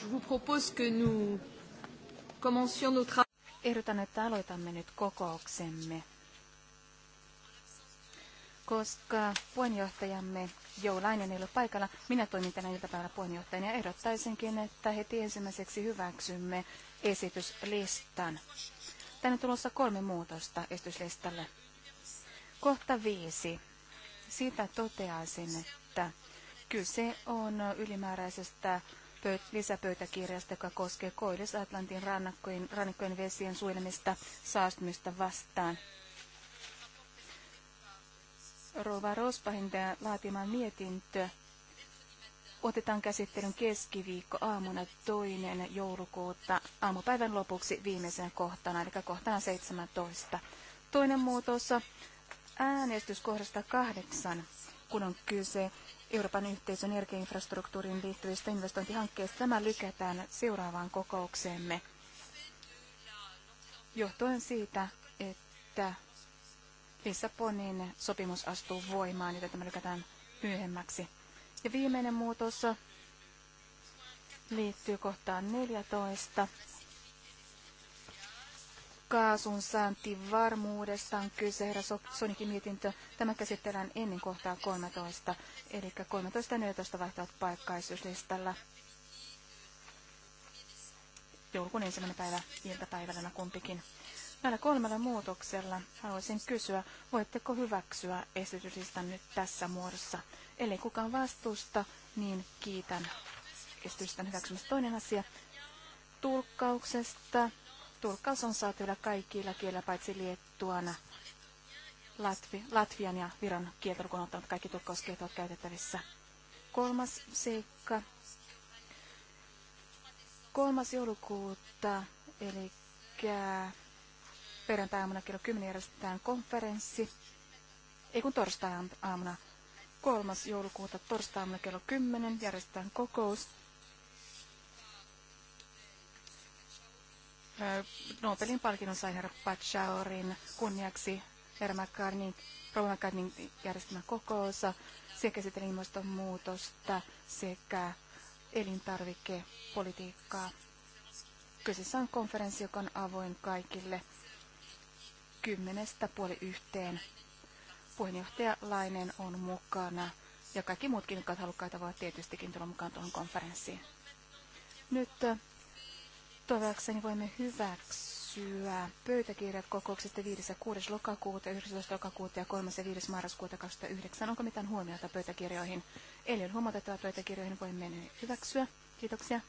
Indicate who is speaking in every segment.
Speaker 1: Je vous propose que nous commencions Ehdotan, että aloitamme nyt kokouksemme, koska puheenjohtajamme Joulainen ei ole paikalla. Minä toimin tänä iltapäivänä puheenjohtajana ja ehdottaisinkin, että heti ensimmäiseksi hyväksymme esityslistan. Tänne tulossa kolme muutosta esityslistalle. Kohta viisi siitä toteaisin, että kyse on ylimääräisestä lisäpöytäkirjasta, joka koskee Koillis-Atlantin rannikkojen, rannikkojen vesien suojelemista saastumista vastaan. Rova Rospahin laatimaan mietintö otetaan käsittelyn keskiviikko aamuna toinen joulukuuta aamupäivän lopuksi viimeisen kohtana, eli kohtana 17. Toinen muutos äänestyskohdasta kahdeksan, kun on kyse Euroopan yhteisön energiainfrastruktuuriin liittyvistä investointihankkeista. Tämä lykätään seuraavaan kokoukseemme johtuen siitä, että Lissabonin sopimus astuu voimaan, joten tämä lykätään myöhemmäksi. Ja viimeinen muutos liittyy kohtaan 14 kaasun varmuudesta on kyse, herra Sonikin mietintö. Tämä käsitellään ennen kohtaa 13, eli 13 ja 14 vaihtavat paikkaisuuslistalla. Joulukuun ensimmäinen päivä iltapäivällä kumpikin. Näillä kolmella muutoksella haluaisin kysyä, voitteko hyväksyä esityslista nyt tässä muodossa? Eli kukaan vastusta, niin kiitän esityslistan hyväksymistä. Toinen asia tulkkauksesta. Tulkkaus on saatavilla kaikilla kielillä paitsi liettuana. Latvi, Latvian ja Viron kieltä lukuun kaikki tulkkauskielet ovat käytettävissä. Kolmas seikka. Kolmas joulukuuta, eli perjantai-aamuna kello 10 järjestetään konferenssi. Ei kun torstai-aamuna. kolmas joulukuuta torstai-aamuna kello 10 järjestetään kokous Nobelin palkinnon sai herra Pachaurin kunniaksi herra McCartney, Rova McCartneyn järjestämä kokous. Se käsitteli ilmastonmuutosta sekä elintarvikepolitiikkaa. Kyseessä on konferenssi, joka on avoin kaikille kymmenestä puoli yhteen. Puheenjohtaja Lainen on mukana ja kaikki muutkin, jotka ovat halukkaita, voivat tietystikin tulla mukaan tuohon konferenssiin. Nyt Toivoakseni voimme hyväksyä pöytäkirjat kokouksesta 5. ja 6. lokakuuta, 19. lokakuuta ja 3. ja 5. marraskuuta 2009. Onko mitään huomiota pöytäkirjoihin? Eli on huomautettava pöytäkirjoihin, voimme mennä hyväksyä. Kiitoksia.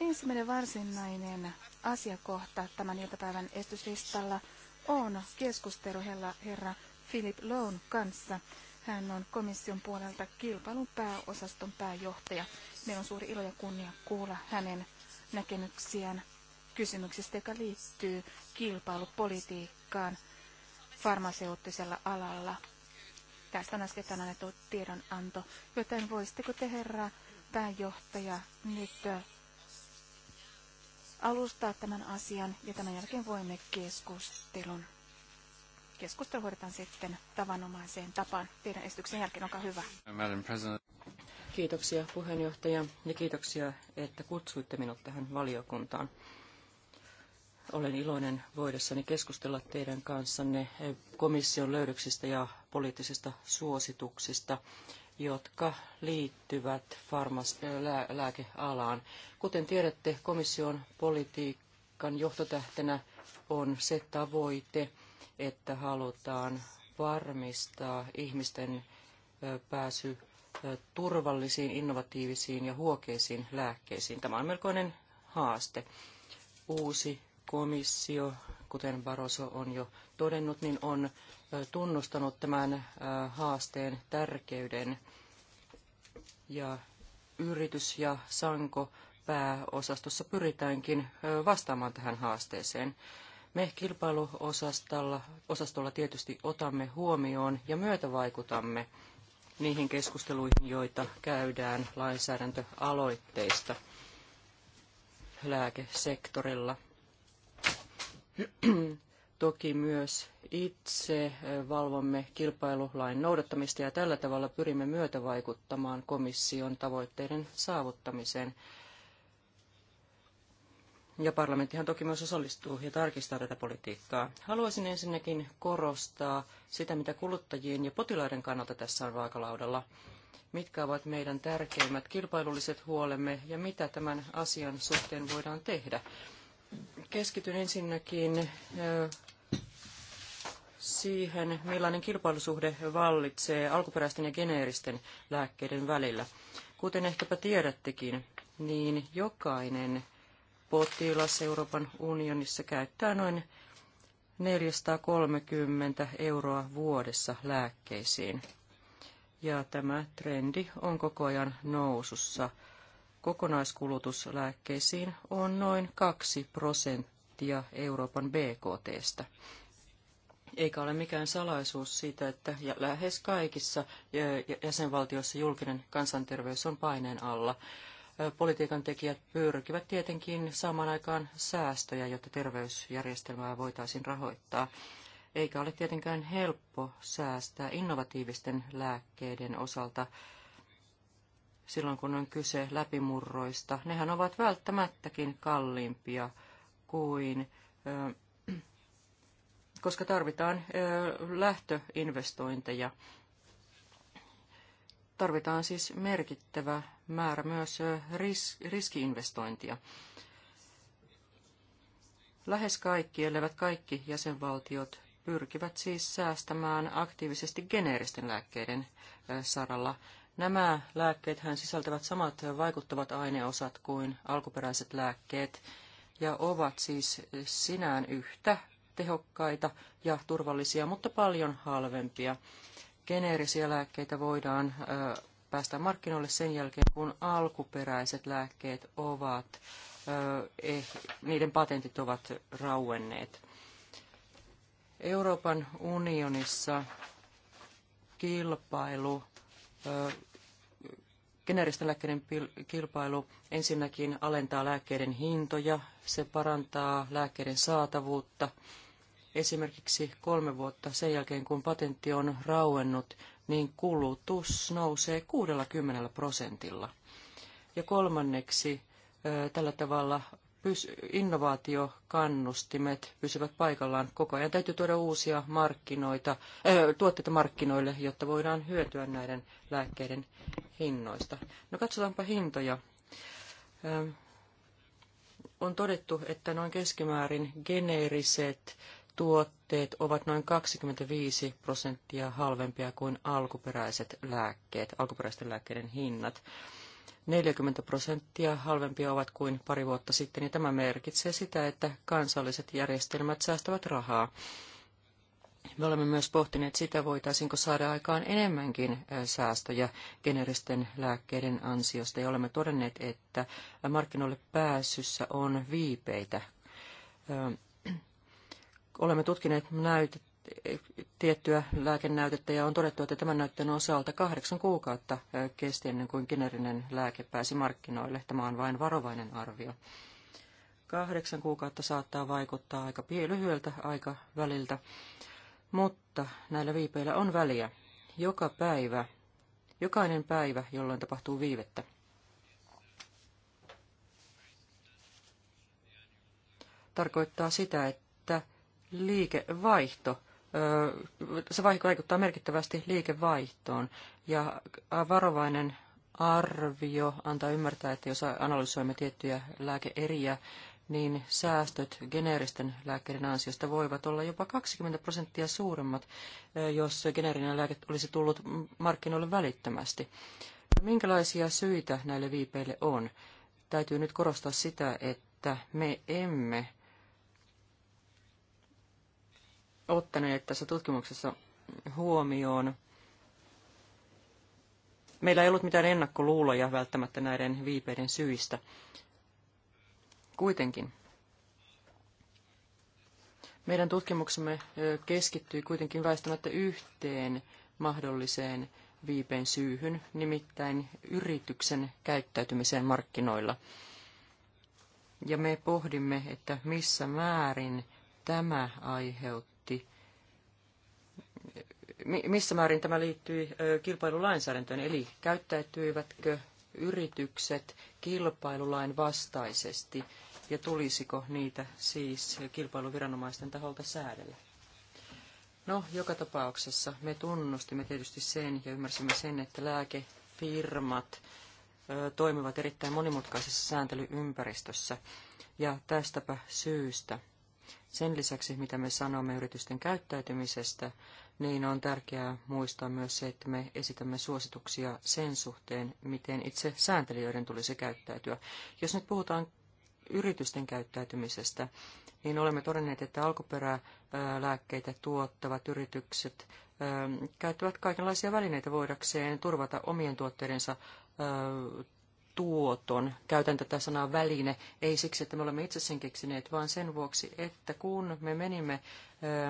Speaker 1: Ensimmäinen varsinainen asiakohta tämän iltapäivän estyslistalla on keskustelu herra Philip Lone kanssa. Hän on komission puolelta kilpailun pääosaston pääjohtaja. Meillä on suuri ilo ja kunnia kuulla hänen näkemyksiään kysymyksistä, joka liittyy kilpailupolitiikkaan farmaseuttisella alalla. Tästä on äsken annettu tiedonanto, joten voisitteko te herra pääjohtaja nyt alustaa tämän asian ja tämän jälkeen voimme keskustelun. Keskustelu hoidetaan sitten tavanomaiseen tapaan. Teidän esityksen jälkeen, olkaa hyvä.
Speaker 2: Kiitoksia puheenjohtaja ja kiitoksia, että kutsuitte minut tähän valiokuntaan. Olen iloinen voidessani keskustella teidän kanssanne komission löydöksistä ja poliittisista suosituksista, jotka liittyvät farmas- lää- lääkealaan. Kuten tiedätte, komission politiikan johtotähtenä on se tavoite, että halutaan varmistaa ihmisten pääsy turvallisiin, innovatiivisiin ja huokeisiin lääkkeisiin. Tämä on melkoinen haaste. Uusi komissio, kuten Barroso on jo todennut, niin on tunnustanut tämän haasteen tärkeyden. Ja yritys ja sanko pääosastossa pyritäänkin vastaamaan tähän haasteeseen. Me kilpailuosastolla osastolla tietysti otamme huomioon ja myötävaikutamme niihin keskusteluihin, joita käydään lainsäädäntöaloitteista lääkesektorilla. Toki myös itse valvomme kilpailulain noudattamista ja tällä tavalla pyrimme myötävaikuttamaan komission tavoitteiden saavuttamiseen. Ja parlamenttihan toki myös osallistuu ja tarkistaa tätä politiikkaa. Haluaisin ensinnäkin korostaa sitä, mitä kuluttajien ja potilaiden kannalta tässä on vaakalaudalla. Mitkä ovat meidän tärkeimmät kilpailulliset huolemme ja mitä tämän asian suhteen voidaan tehdä. Keskityn ensinnäkin siihen, millainen kilpailusuhde vallitsee alkuperäisten ja geneeristen lääkkeiden välillä. Kuten ehkäpä tiedättekin, niin jokainen potilas Euroopan unionissa käyttää noin 430 euroa vuodessa lääkkeisiin. Ja tämä trendi on koko ajan nousussa. Kokonaiskulutus lääkkeisiin on noin 2 prosenttia Euroopan BKTstä. Eikä ole mikään salaisuus siitä, että lähes kaikissa jäsenvaltioissa julkinen kansanterveys on paineen alla politiikan tekijät pyrkivät tietenkin saamaan aikaan säästöjä, jotta terveysjärjestelmää voitaisiin rahoittaa. Eikä ole tietenkään helppo säästää innovatiivisten lääkkeiden osalta silloin, kun on kyse läpimurroista. Nehän ovat välttämättäkin kalliimpia kuin, koska tarvitaan lähtöinvestointeja. Tarvitaan siis merkittävä määrä myös ris- riskiinvestointia. Lähes kaikki, elävät kaikki jäsenvaltiot, pyrkivät siis säästämään aktiivisesti geneeristen lääkkeiden saralla. Nämä lääkkeet sisältävät samat vaikuttavat aineosat kuin alkuperäiset lääkkeet ja ovat siis sinään yhtä tehokkaita ja turvallisia, mutta paljon halvempia. Geneerisiä lääkkeitä voidaan päästä markkinoille sen jälkeen, kun alkuperäiset lääkkeet ovat, eh, niiden patentit ovat rauenneet. Euroopan unionissa kilpailu, geneeristen lääkkeiden kilpailu ensinnäkin alentaa lääkkeiden hintoja, se parantaa lääkkeiden saatavuutta. Esimerkiksi kolme vuotta sen jälkeen, kun patentti on rauennut, niin kulutus nousee 60 prosentilla. Ja kolmanneksi tällä tavalla innovaatiokannustimet pysyvät paikallaan koko ajan. Täytyy tuoda uusia markkinoita, äh, tuotteita markkinoille, jotta voidaan hyötyä näiden lääkkeiden hinnoista. No katsotaanpa hintoja. Äh, on todettu, että noin keskimäärin geneeriset tuotteet ovat noin 25 prosenttia halvempia kuin alkuperäiset lääkkeet, alkuperäisten lääkkeiden hinnat. 40 prosenttia halvempia ovat kuin pari vuotta sitten, ja tämä merkitsee sitä, että kansalliset järjestelmät säästävät rahaa. Me olemme myös pohtineet sitä, voitaisiinko saada aikaan enemmänkin säästöjä generisten lääkkeiden ansiosta, ja olemme todenneet, että markkinoille pääsyssä on viipeitä olemme tutkineet näytet, tiettyä lääkenäytettä ja on todettu, että tämän näytteen osalta kahdeksan kuukautta kesti ennen kuin generinen lääke pääsi markkinoille. Tämä on vain varovainen arvio. Kahdeksan kuukautta saattaa vaikuttaa aika lyhyeltä väliltä, mutta näillä viipeillä on väliä. Joka päivä, jokainen päivä, jolloin tapahtuu viivettä. Tarkoittaa sitä, että liikevaihto, se vaikuttaa merkittävästi liikevaihtoon. Ja varovainen arvio antaa ymmärtää, että jos analysoimme tiettyjä lääkeeriä, niin säästöt geneeristen lääkkeiden ansiosta voivat olla jopa 20 prosenttia suuremmat, jos geneerinen lääke olisi tullut markkinoille välittömästi. Minkälaisia syitä näille viipeille on? Täytyy nyt korostaa sitä, että me emme ottaneet tässä tutkimuksessa huomioon. Meillä ei ollut mitään ennakkoluuloja välttämättä näiden viipeiden syistä. Kuitenkin meidän tutkimuksemme keskittyi kuitenkin väistämättä yhteen mahdolliseen viipeen syyhyn, nimittäin yrityksen käyttäytymiseen markkinoilla. Ja me pohdimme, että missä määrin tämä aiheuttaa missä määrin tämä liittyi kilpailulainsäädäntöön, eli käyttäytyivätkö yritykset kilpailulain vastaisesti ja tulisiko niitä siis kilpailuviranomaisten taholta säädellä? No, joka tapauksessa me tunnustimme tietysti sen ja ymmärsimme sen, että lääkefirmat toimivat erittäin monimutkaisessa sääntelyympäristössä. Ja tästäpä syystä, sen lisäksi mitä me sanomme yritysten käyttäytymisestä, niin on tärkeää muistaa myös se, että me esitämme suosituksia sen suhteen, miten itse sääntelijöiden tulisi käyttäytyä. Jos nyt puhutaan yritysten käyttäytymisestä, niin olemme todenneet, että alkuperälääkkeitä tuottavat yritykset ähm, käyttävät kaikenlaisia välineitä voidakseen turvata omien tuotteidensa äh, tuoton. Käytän tätä sanaa väline, ei siksi, että me olemme itse sen keksineet, vaan sen vuoksi, että kun me menimme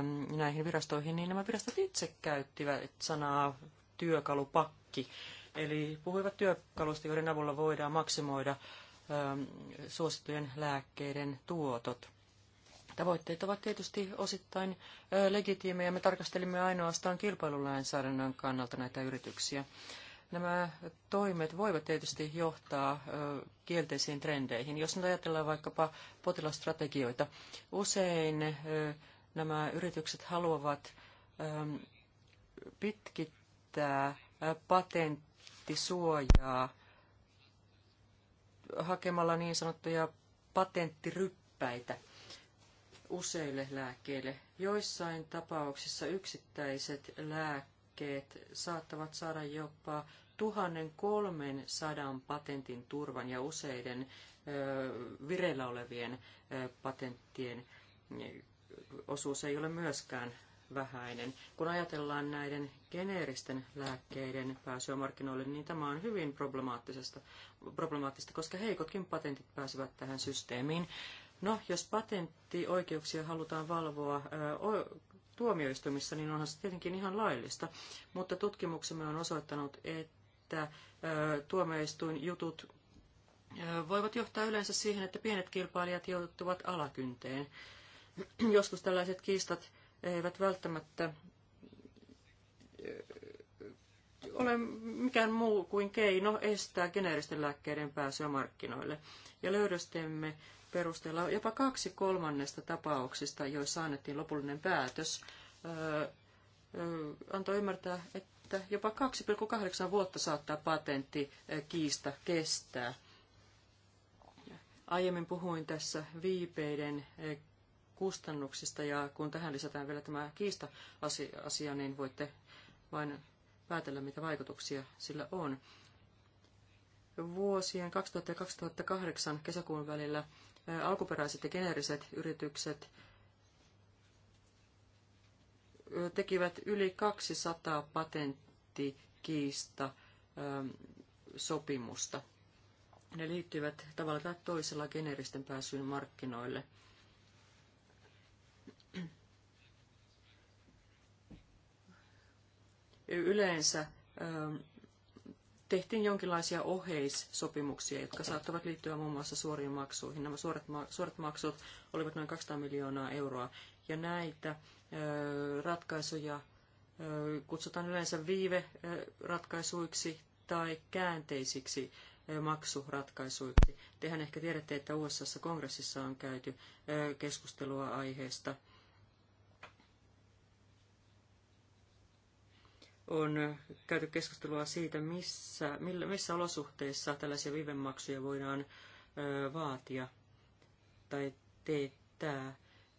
Speaker 2: ähm, näihin virastoihin, niin nämä virastot itse käyttivät sanaa työkalupakki. Eli puhuivat työkalusta, joiden avulla voidaan maksimoida ähm, suosittujen lääkkeiden tuotot. Tavoitteet ovat tietysti osittain äh, legitiimejä. Me tarkastelimme ainoastaan kilpailulainsäädännön kannalta näitä yrityksiä. Nämä toimet voivat tietysti johtaa kielteisiin trendeihin. Jos nyt ajatellaan vaikkapa potilastrategioita, usein nämä yritykset haluavat pitkittää patenttisuojaa hakemalla niin sanottuja patenttiryppäitä useille lääkkeille. Joissain tapauksissa yksittäiset lääkkeet hankkeet saattavat saada jopa 1300 patentin turvan ja useiden vireillä olevien patenttien osuus ei ole myöskään vähäinen. Kun ajatellaan näiden geneeristen lääkkeiden pääsyä markkinoille, niin tämä on hyvin problemaattisesta, problemaattista, koska heikotkin patentit pääsevät tähän systeemiin. No, jos patenttioikeuksia halutaan valvoa tuomioistuimissa, niin onhan se tietenkin ihan laillista. Mutta tutkimuksemme on osoittanut, että tuomioistuinjutut voivat johtaa yleensä siihen, että pienet kilpailijat joutuvat alakynteen. Joskus tällaiset kiistat eivät välttämättä ole mikään muu kuin keino estää geneeristen lääkkeiden pääsyä markkinoille. Ja löydöstemme perusteella jopa kaksi kolmannesta tapauksista, joissa annettiin lopullinen päätös, antoi ymmärtää, että jopa 2,8 vuotta saattaa patentti kiista kestää. Aiemmin puhuin tässä viipeiden kustannuksista ja kun tähän lisätään vielä tämä kiista-asia, niin voitte vain päätellä, mitä vaikutuksia sillä on vuosien 2000 ja 2008 kesäkuun välillä alkuperäiset ja geneeriset yritykset tekivät yli 200 patenttikiista sopimusta. Ne liittyvät tavalla tai toisella geneeristen pääsyyn markkinoille. Yleensä tehtiin jonkinlaisia oheissopimuksia, jotka saattavat liittyä muun muassa suoriin maksuihin. Nämä suorat, suorat maksut olivat noin 200 miljoonaa euroa, ja näitä ratkaisuja kutsutaan yleensä viiveratkaisuiksi tai käänteisiksi maksuratkaisuiksi. Tehän ehkä tiedätte, että usa kongressissa on käyty keskustelua aiheesta – on käyty keskustelua siitä, missä, missä olosuhteissa tällaisia vivemaksuja voidaan vaatia tai teettää.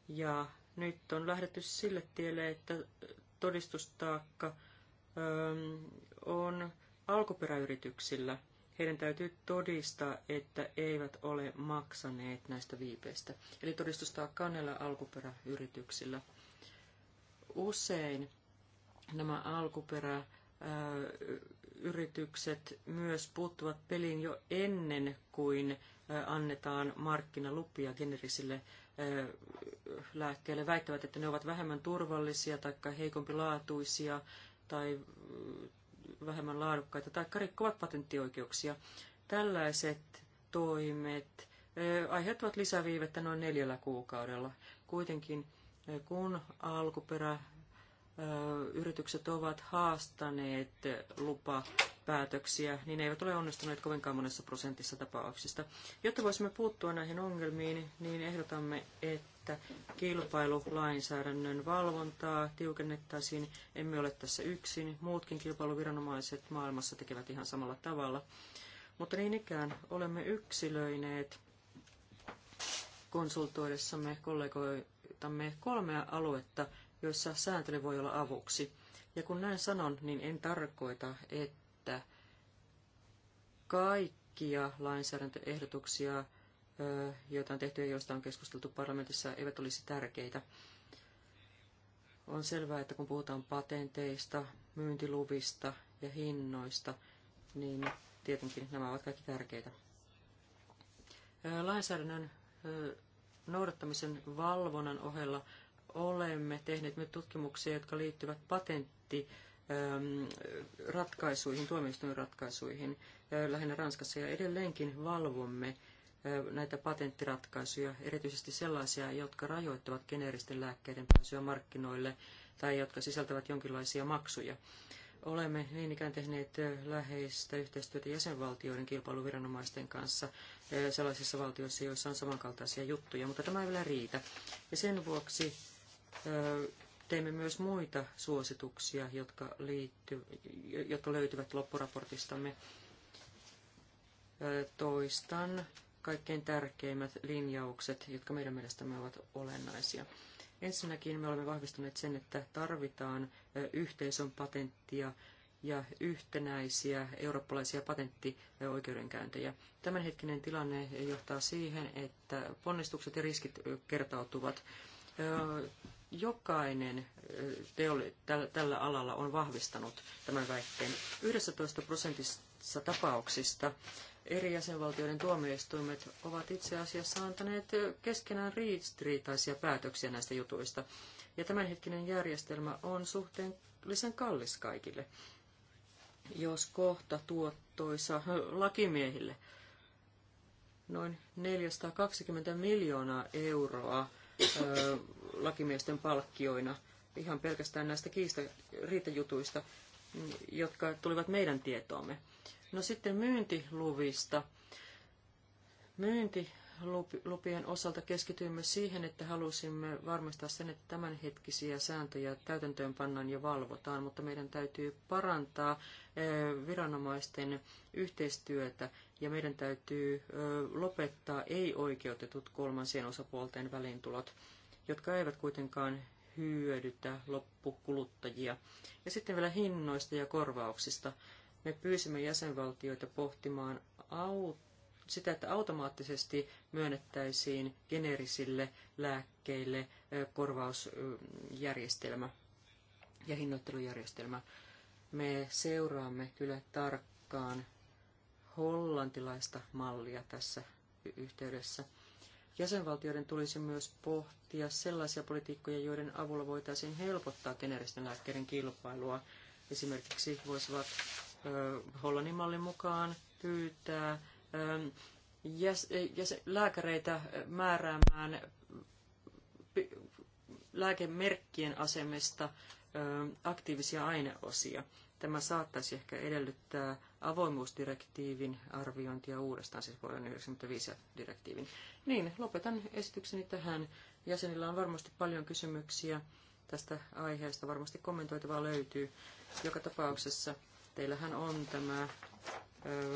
Speaker 2: Ja nyt on lähdetty sille tielle, että todistustaakka on alkuperäyrityksillä. Heidän täytyy todistaa, että eivät ole maksaneet näistä viipeistä. Eli todistustaakka on näillä alkuperäyrityksillä. Usein nämä alkuperäyritykset myös puuttuvat peliin jo ennen kuin annetaan markkinalupia generisille lääkkeille. Väittävät, että ne ovat vähemmän turvallisia tai heikompi laatuisia tai vähemmän laadukkaita tai rikkovat patenttioikeuksia. Tällaiset toimet aiheuttavat lisäviivettä noin neljällä kuukaudella. Kuitenkin kun alkuperä yritykset ovat haastaneet lupapäätöksiä, niin ne eivät ole onnistuneet kovinkaan monessa prosentissa tapauksista. Jotta voisimme puuttua näihin ongelmiin, niin ehdotamme, että kilpailulainsäädännön valvontaa tiukennettaisiin. Emme ole tässä yksin. Muutkin kilpailuviranomaiset maailmassa tekevät ihan samalla tavalla. Mutta niin ikään olemme yksilöineet konsultoidessamme kollegoitamme kolmea aluetta – joissa sääntely voi olla avuksi. Ja kun näin sanon, niin en tarkoita, että kaikkia lainsäädäntöehdotuksia, joita on tehty ja joista on keskusteltu parlamentissa, eivät olisi tärkeitä. On selvää, että kun puhutaan patenteista, myyntiluvista ja hinnoista, niin tietenkin nämä ovat kaikki tärkeitä. Lainsäädännön noudattamisen valvonnan ohella olemme tehneet nyt tutkimuksia, jotka liittyvät patenttiratkaisuihin, ähm, tuomioistuin ratkaisuihin, äh, lähinnä Ranskassa, ja edelleenkin valvomme äh, näitä patenttiratkaisuja, erityisesti sellaisia, jotka rajoittavat geneeristen lääkkeiden pääsyä markkinoille tai jotka sisältävät jonkinlaisia maksuja. Olemme niin ikään tehneet äh, läheistä yhteistyötä jäsenvaltioiden kilpailuviranomaisten kanssa sellaisissa valtioissa, joissa on samankaltaisia juttuja, mutta tämä ei vielä riitä. Ja sen vuoksi Teimme myös muita suosituksia, jotka, liitty, jotka löytyvät loppuraportistamme. Toistan kaikkein tärkeimmät linjaukset, jotka meidän mielestämme ovat olennaisia. Ensinnäkin me olemme vahvistaneet sen, että tarvitaan yhteisön patenttia ja yhtenäisiä eurooppalaisia patenttioikeudenkäyntejä. Tämänhetkinen tilanne johtaa siihen, että ponnistukset ja riskit kertautuvat jokainen teoli, täl, tällä alalla on vahvistanut tämän väitteen. 11 prosentissa tapauksista eri jäsenvaltioiden tuomioistuimet ovat itse asiassa antaneet keskenään ristiriitaisia päätöksiä näistä jutuista. Ja tämänhetkinen järjestelmä on suhteellisen kallis kaikille, jos kohta tuottoisa lakimiehille. Noin 420 miljoonaa euroa lakimiesten palkkioina ihan pelkästään näistä kiista, riitajutuista, jotka tulivat meidän tietoomme. No sitten myyntiluvista. Myyntilupien osalta keskityimme siihen, että halusimme varmistaa sen, että tämänhetkisiä sääntöjä täytäntöön pannaan ja valvotaan, mutta meidän täytyy parantaa eh, viranomaisten yhteistyötä ja meidän täytyy eh, lopettaa ei-oikeutetut kolmansien osapuolten väliintulot jotka eivät kuitenkaan hyödytä loppukuluttajia. Ja sitten vielä hinnoista ja korvauksista. Me pyysimme jäsenvaltioita pohtimaan sitä, että automaattisesti myönnettäisiin generisille lääkkeille korvausjärjestelmä ja hinnoittelujärjestelmä. Me seuraamme kyllä tarkkaan hollantilaista mallia tässä yhteydessä – Jäsenvaltioiden tulisi myös pohtia sellaisia politiikkoja, joiden avulla voitaisiin helpottaa geneeristen lääkkeiden kilpailua. Esimerkiksi voisivat ö, Hollannin mallin mukaan pyytää ö, jäs, jäs, lääkäreitä määräämään pi, lääkemerkkien asemesta ö, aktiivisia aineosia. Tämä saattaisi ehkä edellyttää avoimuusdirektiivin arviointia uudestaan, siis vuoden 1995 direktiivin. Niin, lopetan esitykseni tähän. Jäsenillä on varmasti paljon kysymyksiä tästä aiheesta, varmasti kommentoitavaa löytyy. Joka tapauksessa teillähän on tämä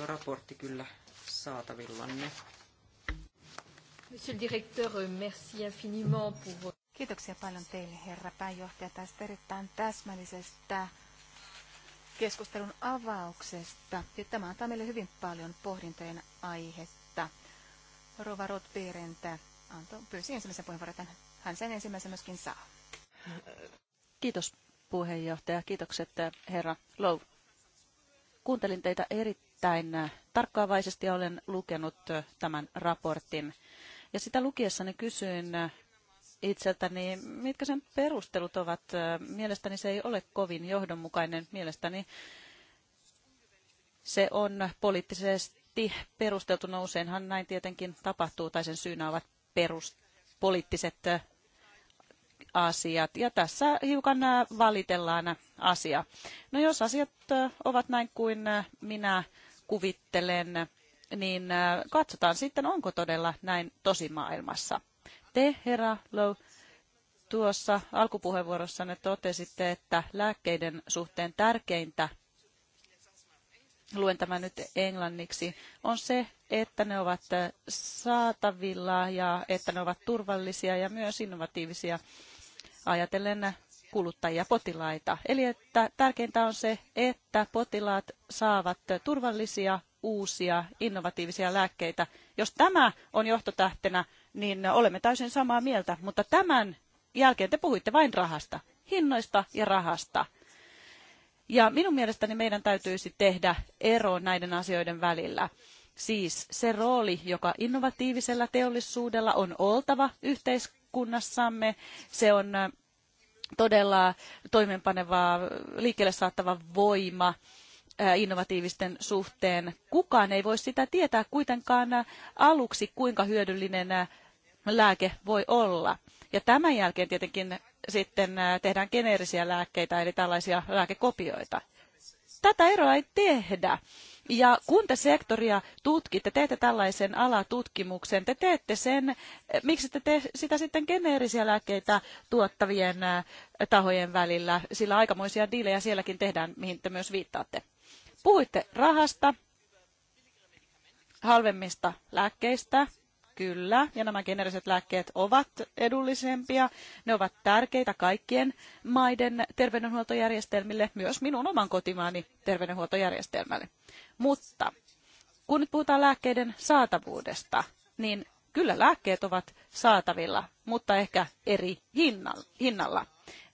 Speaker 2: raportti kyllä saatavillanne.
Speaker 3: Monsieur le directeur,
Speaker 1: merci infiniment pour... Kiitoksia paljon teille, herra pääjohtaja, tästä erittäin täsmällisestä keskustelun avauksesta. Ja tämä antaa meille hyvin paljon pohdintojen aihetta. Rova Rotbeerentä antoi, pyysi ensimmäisen puheenvuoron. Hän sen ensimmäisen myöskin saa.
Speaker 4: Kiitos puheenjohtaja. Kiitokset eh, herra Lou. Kuuntelin teitä erittäin eh, tarkkaavaisesti ja olen lukenut eh, tämän raportin. Ja sitä lukiessani kysyin, itseltäni, mitkä sen perustelut ovat. Mielestäni se ei ole kovin johdonmukainen. Mielestäni se on poliittisesti perusteltu. Nouseenhan näin tietenkin tapahtuu, tai sen syynä ovat perus, poliittiset asiat. Ja tässä hiukan valitellaan asia. No jos asiat ovat näin kuin minä kuvittelen, niin katsotaan sitten, onko todella näin tosimaailmassa. Te, herra Low, tuossa alkupuheenvuorossanne totesitte, että lääkkeiden suhteen tärkeintä, luen tämän nyt englanniksi, on se, että ne ovat saatavilla ja että ne ovat turvallisia ja myös innovatiivisia ajatellen kuluttajia, potilaita. Eli että tärkeintä on se, että potilaat saavat turvallisia, uusia, innovatiivisia lääkkeitä. Jos tämä on johtotähtenä niin olemme täysin samaa mieltä, mutta tämän jälkeen te puhuitte vain rahasta, hinnoista ja rahasta. Ja minun mielestäni meidän täytyisi tehdä ero näiden asioiden välillä. Siis se rooli, joka innovatiivisella teollisuudella on oltava yhteiskunnassamme, se on todella toimenpaneva, liikkeelle saattava voima innovatiivisten suhteen. Kukaan ei voi sitä tietää kuitenkaan aluksi, kuinka hyödyllinen lääke voi olla. Ja tämän jälkeen tietenkin sitten äh, tehdään geneerisiä lääkkeitä, eli tällaisia lääkekopioita. Tätä eroa ei tehdä. Ja kun te sektoria tutkitte, teette tällaisen alatutkimuksen, te teette sen, äh, miksi te teette sitä sitten geneerisiä lääkkeitä tuottavien äh, tahojen välillä, sillä aikamoisia diilejä sielläkin tehdään, mihin te myös viittaatte. Puhuitte rahasta, halvemmista lääkkeistä, kyllä, ja nämä geneeriset lääkkeet ovat edullisempia. Ne ovat tärkeitä kaikkien maiden terveydenhuoltojärjestelmille, myös minun oman kotimaani terveydenhuoltojärjestelmälle. Mutta kun nyt puhutaan lääkkeiden saatavuudesta, niin kyllä lääkkeet ovat saatavilla, mutta ehkä eri hinnalla.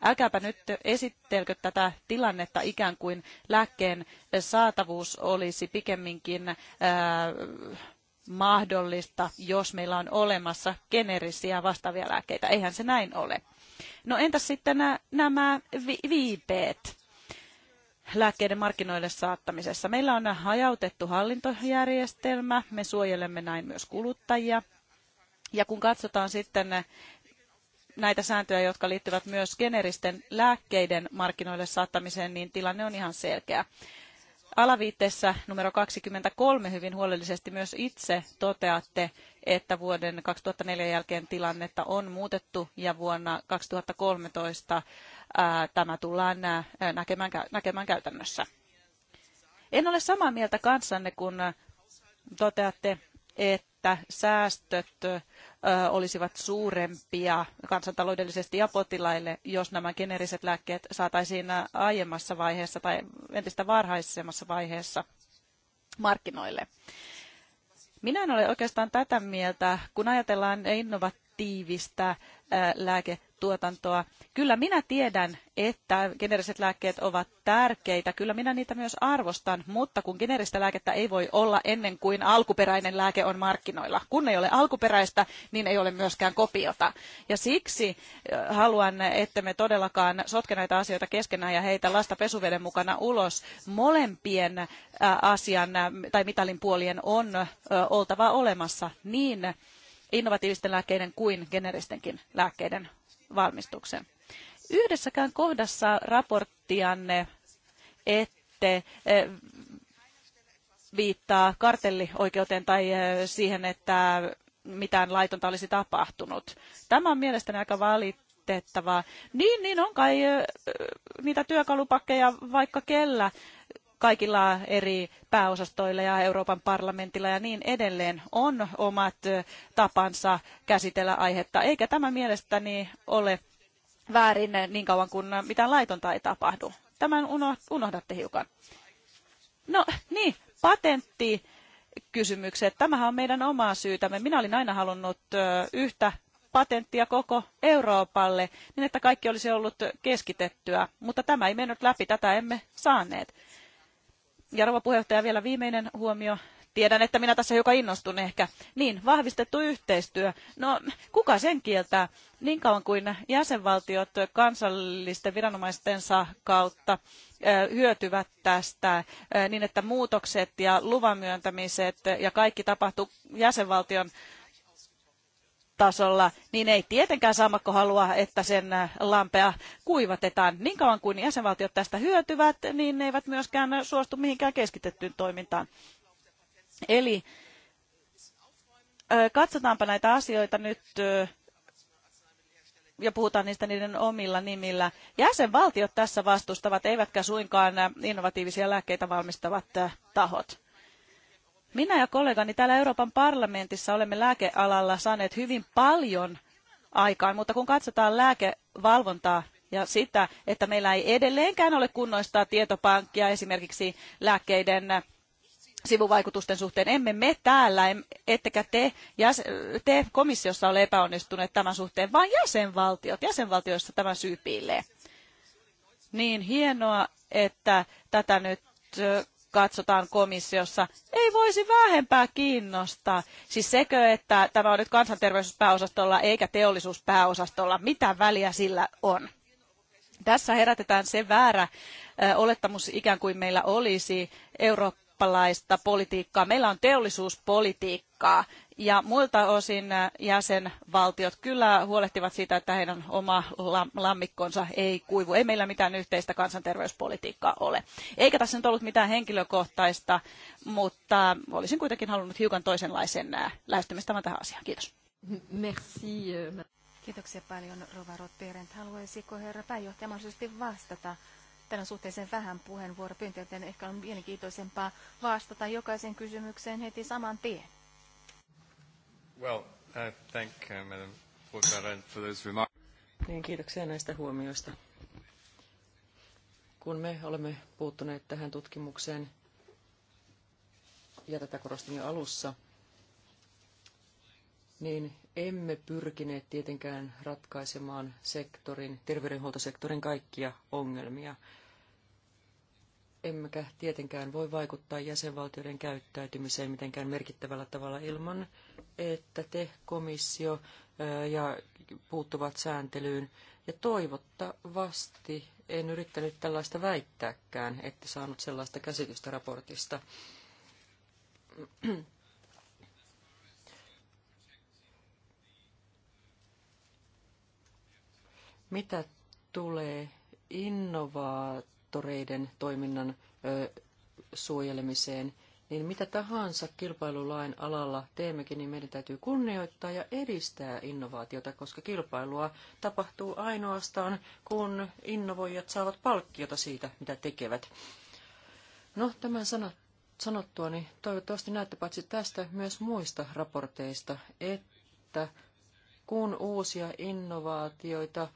Speaker 4: Älkääpä nyt esittelkö tätä tilannetta ikään kuin lääkkeen saatavuus olisi pikemminkin ää, mahdollista, jos meillä on olemassa generisiä vastaavia lääkkeitä. Eihän se näin ole. No entäs sitten nämä viipeet? lääkkeiden markkinoille saattamisessa. Meillä on hajautettu hallintojärjestelmä, me suojelemme näin myös kuluttajia. Ja kun katsotaan sitten näitä sääntöjä, jotka liittyvät myös generisten lääkkeiden markkinoille saattamiseen, niin tilanne on ihan selkeä alaviitteessä numero 23 hyvin huolellisesti myös itse toteatte, että vuoden 2004 jälkeen tilannetta on muutettu ja vuonna 2013 ää, tämä tullaan nä- näkemään, näkemään käytännössä. En ole samaa mieltä kanssanne, kun toteatte, että että säästöt olisivat suurempia kansantaloudellisesti ja potilaille, jos nämä geneeriset lääkkeet saataisiin aiemmassa vaiheessa tai entistä varhaisemmassa vaiheessa markkinoille. Minä en ole oikeastaan tätä mieltä, kun ajatellaan innovatiivista lääke tuotantoa. Kyllä minä tiedän, että geneeriset lääkkeet ovat tärkeitä. Kyllä minä niitä myös arvostan, mutta kun geneeristä lääkettä ei voi olla ennen kuin alkuperäinen lääke on markkinoilla. Kun ei ole alkuperäistä, niin ei ole myöskään kopiota. Ja siksi äh, haluan, että me todellakaan sotke näitä asioita keskenään ja heitä lasta pesuveden mukana ulos. Molempien äh, asian äh, tai mitalin puolien on oltava olemassa niin innovatiivisten lääkkeiden kuin generistenkin lääkkeiden valmistuksen. Yhdessäkään kohdassa raporttianne ette eh, viittaa kartellioikeuteen tai eh, siihen, että mitään laitonta olisi tapahtunut. Tämä on mielestäni aika valitettavaa. Niin, niin on kai eh, niitä työkalupakkeja vaikka kellä, kaikilla eri pääosastoilla ja Euroopan parlamentilla ja niin edelleen on omat tapansa käsitellä aihetta, eikä tämä mielestäni ole väärin niin kauan kuin mitään laitonta ei tapahdu. Tämän unohdatte hiukan. No niin, patentti kysymykset. Tämähän on meidän omaa syytämme. Minä olin aina halunnut yhtä patenttia koko Euroopalle, niin että kaikki olisi ollut keskitettyä, mutta tämä ei mennyt läpi, tätä emme saaneet. Ja rouva puheenjohtaja, vielä viimeinen huomio. Tiedän, että minä tässä joka innostun ehkä. Niin, vahvistettu yhteistyö. No, kuka sen kieltää? Niin kauan kuin jäsenvaltiot kansallisten viranomaistensa kautta hyötyvät tästä niin, että muutokset ja luvan myöntämiset ja kaikki tapahtuu jäsenvaltion tasolla, niin ei tietenkään sammakko halua, että sen äh, lampea kuivatetaan. Niin kauan kuin jäsenvaltiot tästä hyötyvät, niin ne eivät myöskään suostu mihinkään keskitettyyn toimintaan. Eli katsotaanpa näitä asioita nyt ja puhutaan niistä niiden omilla nimillä. Jäsenvaltiot tässä vastustavat, eivätkä suinkaan äh, innovatiivisia lääkkeitä valmistavat äh, tahot. Minä ja kollegani täällä Euroopan parlamentissa olemme lääkealalla saaneet hyvin paljon aikaan, mutta kun katsotaan lääkevalvontaa ja sitä, että meillä ei edelleenkään ole kunnoista tietopankkia esimerkiksi lääkkeiden sivuvaikutusten suhteen. Emme me täällä, ettekä te, te komissiossa ole epäonnistuneet tämän suhteen, vaan jäsenvaltiot, jäsenvaltioissa tämä syypiilee. Niin hienoa, että tätä nyt katsotaan komissiossa, ei voisi vähempää kiinnostaa. Siis sekö, että tämä on nyt kansanterveyspääosastolla eikä teollisuuspääosastolla, mitä väliä sillä on? Tässä herätetään se väärä olettamus ikään kuin meillä olisi eurooppalaista politiikkaa. Meillä on teollisuuspolitiikkaa. Ja muilta osin jäsenvaltiot kyllä huolehtivat siitä, että heidän oma lammikkonsa ei kuivu. Ei meillä mitään yhteistä kansanterveyspolitiikkaa ole. Eikä tässä nyt ollut mitään henkilökohtaista, mutta olisin kuitenkin halunnut hiukan toisenlaisen lähestymistavan tähän asiaan. Kiitos.
Speaker 3: Merci.
Speaker 1: Kiitoksia paljon, Rova Rotterent. Haluaisiko herra pääjohtaja mahdollisesti vastata tänä suhteeseen vähän puheenvuoropyyntöön, joten ehkä on mielenkiintoisempaa vastata jokaisen kysymykseen
Speaker 2: heti saman tien.
Speaker 3: Well, uh, thank you, Madam for those remarks.
Speaker 2: Niin, kiitoksia näistä huomioista. Kun me olemme puuttuneet tähän tutkimukseen, ja tätä korostin jo alussa, niin emme pyrkineet tietenkään ratkaisemaan sektorin, terveydenhuoltosektorin kaikkia ongelmia – emmekä tietenkään voi vaikuttaa jäsenvaltioiden käyttäytymiseen mitenkään merkittävällä tavalla ilman, että te, komissio ja puuttuvat sääntelyyn. Ja toivottavasti en yrittänyt tällaista väittääkään, että saanut sellaista käsitystä raportista. Mitä tulee innovaatioon? kooperaattoreiden toiminnan suojelemiseen, niin mitä tahansa kilpailulain alalla teemmekin, niin meidän täytyy kunnioittaa ja edistää innovaatiota, koska kilpailua tapahtuu ainoastaan, kun innovoijat saavat palkkiota siitä, mitä tekevät. No, tämän sanat, sanottuani niin toivottavasti näette paitsi tästä myös muista raporteista, että kun uusia innovaatioita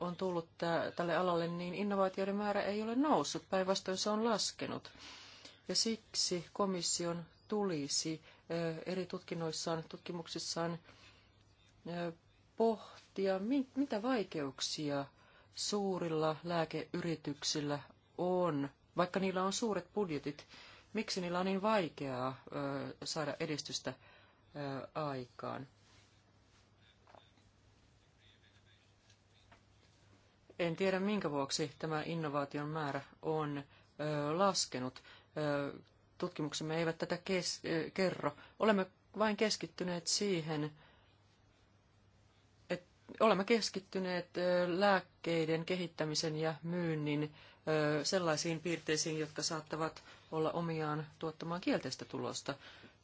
Speaker 2: on tullut tälle alalle, niin innovaatioiden määrä ei ole noussut, päinvastoin se on laskenut. Ja siksi komission tulisi eri tutkinnoissaan, tutkimuksissaan pohtia, mitä vaikeuksia suurilla lääkeyrityksillä on, vaikka niillä on suuret budjetit, miksi niillä on niin vaikeaa saada edistystä aikaan. En tiedä minkä vuoksi tämä innovaation määrä on laskenut. tutkimuksemme eivät tätä kerro. Olemme vain keskittyneet siihen, että olemme keskittyneet lääkkeiden kehittämisen ja myynnin sellaisiin piirteisiin, jotka saattavat olla omiaan tuottamaan kielteistä tulosta.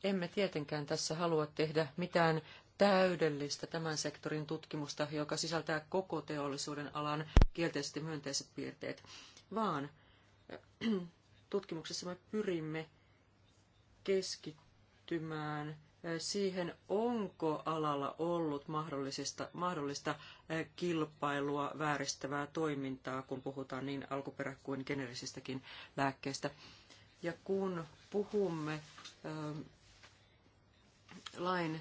Speaker 2: Emme tietenkään tässä halua tehdä mitään täydellistä tämän sektorin tutkimusta, joka sisältää koko teollisuuden alan kielteisesti myönteiset piirteet, vaan äh, tutkimuksessa me pyrimme keskittymään äh, siihen, onko alalla ollut mahdollisista, mahdollista äh, kilpailua vääristävää toimintaa, kun puhutaan niin alkuperä- kuin generisistäkin lääkkeistä. Ja kun puhumme ähm, lain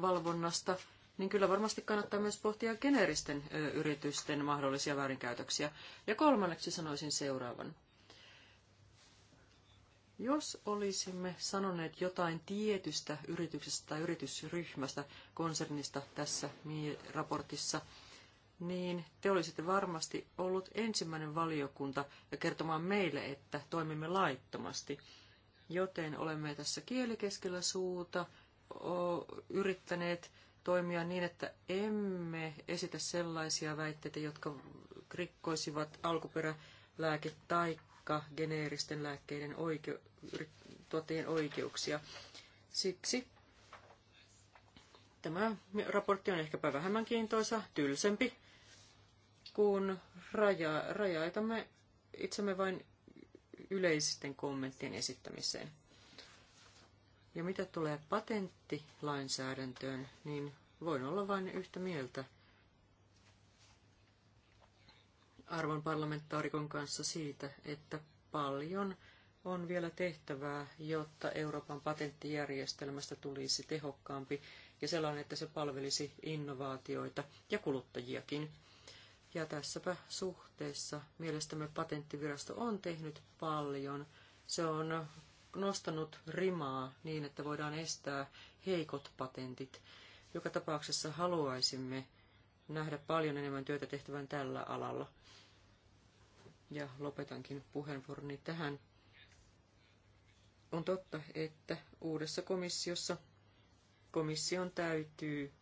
Speaker 2: valvonnasta, niin kyllä varmasti kannattaa myös pohtia geneeristen yritysten mahdollisia väärinkäytöksiä. Ja kolmanneksi sanoisin seuraavan. Jos olisimme sanoneet jotain tietystä yrityksestä tai yritysryhmästä, konsernista tässä raportissa, niin te olisitte varmasti ollut ensimmäinen valiokunta ja kertomaan meille, että toimimme laittomasti. Joten olemme tässä kielikeskellä suuta yrittäneet toimia niin, että emme esitä sellaisia väitteitä, jotka rikkoisivat alkuperälääke- tai geneeristen lääkkeiden oikeu- tuottajien oikeuksia. Siksi tämä raportti on ehkäpä vähemmän kiintoisa, tylsempi, kun raja, rajaitamme itsemme vain yleisisten kommenttien esittämiseen. Ja mitä tulee patenttilainsäädäntöön, niin voin olla vain yhtä mieltä arvon parlamentaarikon kanssa siitä, että paljon on vielä tehtävää, jotta Euroopan patenttijärjestelmästä tulisi tehokkaampi ja sellainen, että se palvelisi innovaatioita ja kuluttajiakin. Ja tässäpä suhteessa mielestämme patenttivirasto on tehnyt paljon. Se on nostanut rimaa niin, että voidaan estää heikot patentit. Joka tapauksessa haluaisimme nähdä paljon enemmän työtä tehtävän tällä alalla. Ja lopetankin puheenvuoroni tähän. On totta, että uudessa komissiossa komission täytyy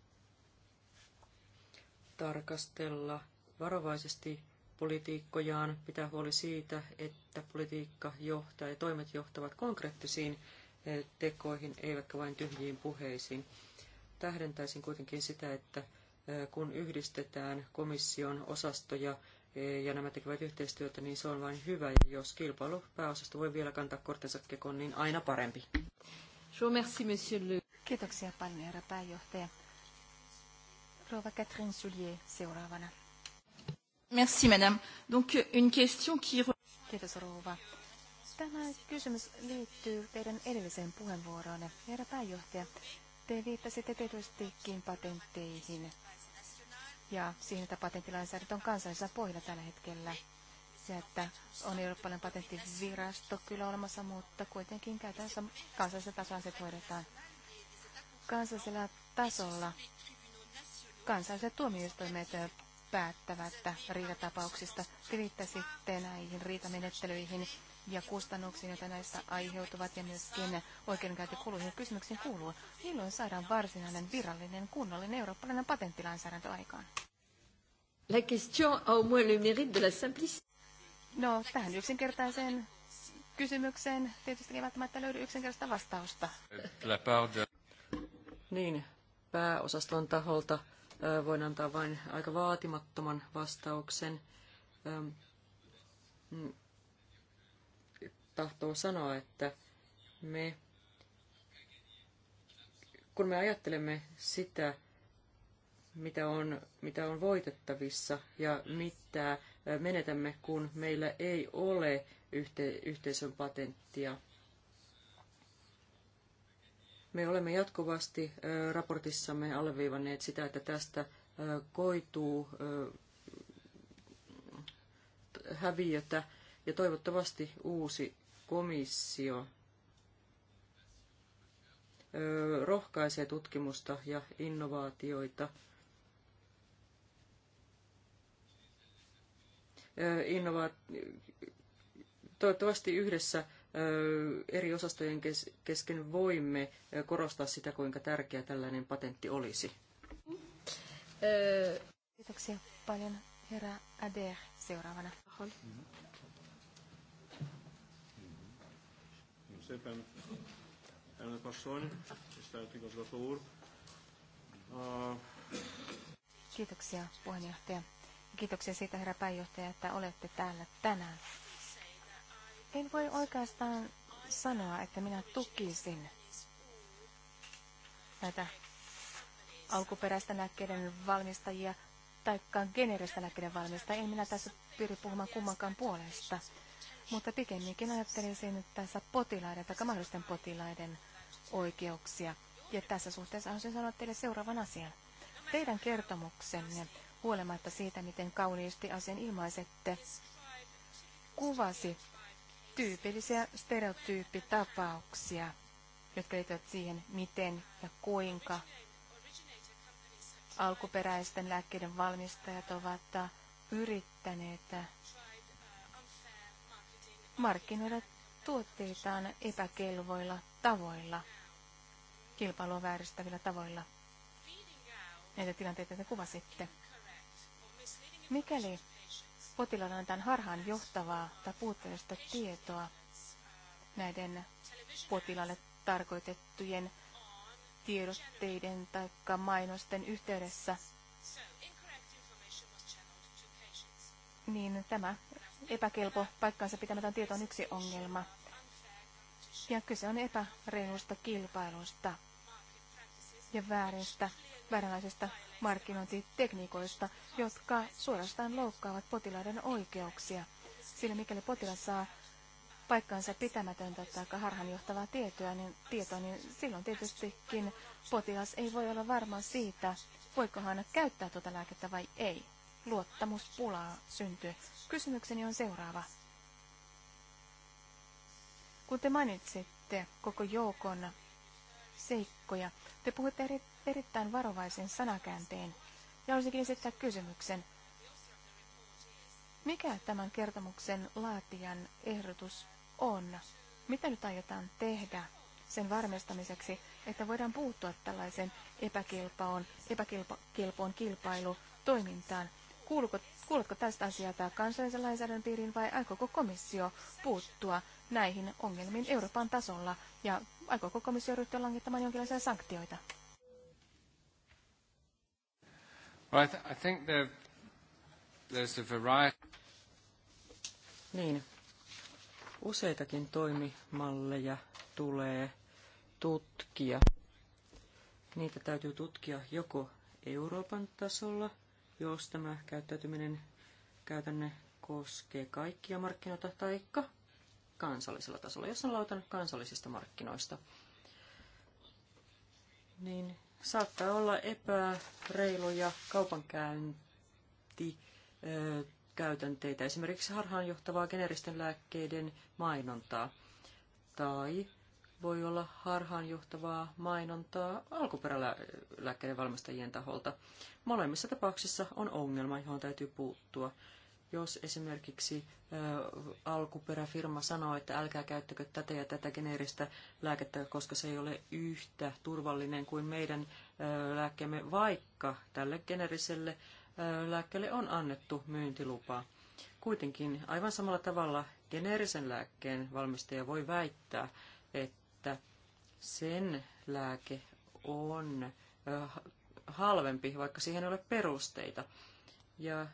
Speaker 2: tarkastella varovaisesti politiikkojaan, pitää huoli siitä, että politiikka johtaa ja toimet johtavat konkreettisiin eh, tekoihin, eivätkä vain tyhjiin puheisiin. Tähdentäisin kuitenkin sitä, että eh, kun yhdistetään komission osastoja eh, ja nämä tekevät yhteistyötä, niin se on vain hyvä. Ja jos kilpailupääosasto voi vielä kantaa kortensa kekoon, niin aina parempi.
Speaker 1: Kiitoksia paljon, herra pääjohtaja. rouva Catherine Sullier seuraavana. Merci, madame. Donc, une question qui... Kiitos, rouva. Tämä kysymys liittyy teidän edelliseen puheenvuoroonne. Herra pääjohtaja, te viittasitte tietystikin patentteihin ja siihen, että patenttilainsäädäntö on kansallisella pohjalla tällä hetkellä. Ja että on Euroopan patenttivirasto kyllä olemassa, mutta kuitenkin käytännössä kansallisella tasolla se hoidetaan. Kansallisella tasolla kansalliset tuomioistuimet päättävät riitatapauksista. Te viittasitte näihin riitamenettelyihin ja kustannuksiin, joita näistä aiheutuvat, ja myöskin oikeudenkäyntikuluihin kysymyksiin kuuluu, milloin saadaan varsinainen virallinen kunnollinen eurooppalainen patenttilainsäädäntö aikaan?
Speaker 3: La question a au moins le mérite de la simplicité.
Speaker 1: No, tähän yksinkertaiseen kysymykseen tietysti ei välttämättä löydy yksinkertaista
Speaker 3: vastausta.
Speaker 2: Niin, pääosaston taholta Voin antaa vain aika vaatimattoman vastauksen. Tahtoo sanoa, että me, kun me ajattelemme sitä, mitä on, mitä on voitettavissa ja mitä menetämme, kun meillä ei ole yhteisön patenttia – me olemme jatkuvasti raportissamme alleviivanneet sitä, että tästä koituu häviötä ja toivottavasti uusi komissio rohkaisee tutkimusta ja innovaatioita. Innova- toivottavasti yhdessä eri osastojen kesken voimme korostaa sitä, kuinka tärkeä tällainen patentti olisi.
Speaker 1: Kiitoksia paljon. Herra Ader seuraavana. Kiitoksia puheenjohtaja. Kiitoksia siitä, herra pääjohtaja, että olette täällä tänään. En voi oikeastaan sanoa, että minä tukisin näitä alkuperäistä lääkkeiden valmistajia tai generistä lääkkeiden valmistajia. En minä tässä pyri puhumaan kummankaan puolesta, mutta pikemminkin ajattelisin tässä potilaiden tai mahdollisten potilaiden oikeuksia. Ja tässä suhteessa haluaisin sanoa teille seuraavan asian. Teidän kertomuksenne, huolimatta siitä, miten kauniisti asian ilmaisette, kuvasi tyypillisiä stereotyyppitapauksia, jotka liittyvät siihen, miten ja kuinka alkuperäisten lääkkeiden valmistajat ovat äh, yrittäneet äh, markkinoida tuotteitaan epäkelvoilla tavoilla, kilpailua vääristävillä tavoilla. Näitä tilanteita te kuvasitte. Mikäli potilaalle annetaan harhaan johtavaa tai puutteellista tietoa näiden potilaalle tarkoitettujen tiedotteiden tai mainosten yhteydessä, niin tämä epäkelpo paikkansa pitämätön tieto on yksi ongelma. Ja kyse on epäreilusta kilpailusta ja vääristä, vääränlaisesta markkinointitekniikoista, jotka suorastaan loukkaavat potilaiden oikeuksia. Sillä mikäli potilas saa paikkaansa pitämätöntä tai harhanjohtavaa tietoa niin, tietoa, niin silloin tietystikin potilas ei voi olla varma siitä, voiko hän käyttää tuota lääkettä vai ei. Luottamuspulaa syntyy. Kysymykseni on seuraava. Kun te mainitsitte koko joukon seikkoja, te puhutte eri erittäin varovaisen sanakäänteen Ja olisikin esittää kysymyksen. Mikä tämän kertomuksen laatijan ehdotus on? Mitä nyt aiotaan tehdä sen varmistamiseksi, että voidaan puuttua tällaisen epäkilpaon, epäkilpoon kilpailutoimintaan? Kuuluko, kuuletko tästä asiasta kansallisen lainsäädännön piiriin vai aikooko komissio puuttua näihin ongelmiin Euroopan tasolla ja aikooko komissio ryhtyä langittamaan jonkinlaisia sanktioita?
Speaker 3: Well, I, th- I think there, there's a variety.
Speaker 2: Niin. Useitakin toimimalleja tulee tutkia. Niitä täytyy tutkia joko Euroopan tasolla, jos tämä käyttäytyminen käytänne koskee kaikkia markkinoita, taikka kansallisella tasolla, jos on lautan kansallisista markkinoista. Niin saattaa olla epäreiluja käytänteitä, esimerkiksi harhaanjohtavaa generisten lääkkeiden mainontaa. Tai voi olla harhaanjohtavaa mainontaa alkuperälääkkeiden valmistajien taholta. Molemmissa tapauksissa on ongelma, johon täytyy puuttua. Jos esimerkiksi alkuperäfirma sanoo, että älkää käyttäkö tätä ja tätä geneeristä lääkettä, koska se ei ole yhtä turvallinen kuin meidän lääkkeemme, vaikka tälle geneeriselle lääkkeelle on annettu myyntilupa. Kuitenkin aivan samalla tavalla geneerisen lääkkeen valmistaja voi väittää, että sen lääke on halvempi, vaikka siihen ei ole perusteita. Ja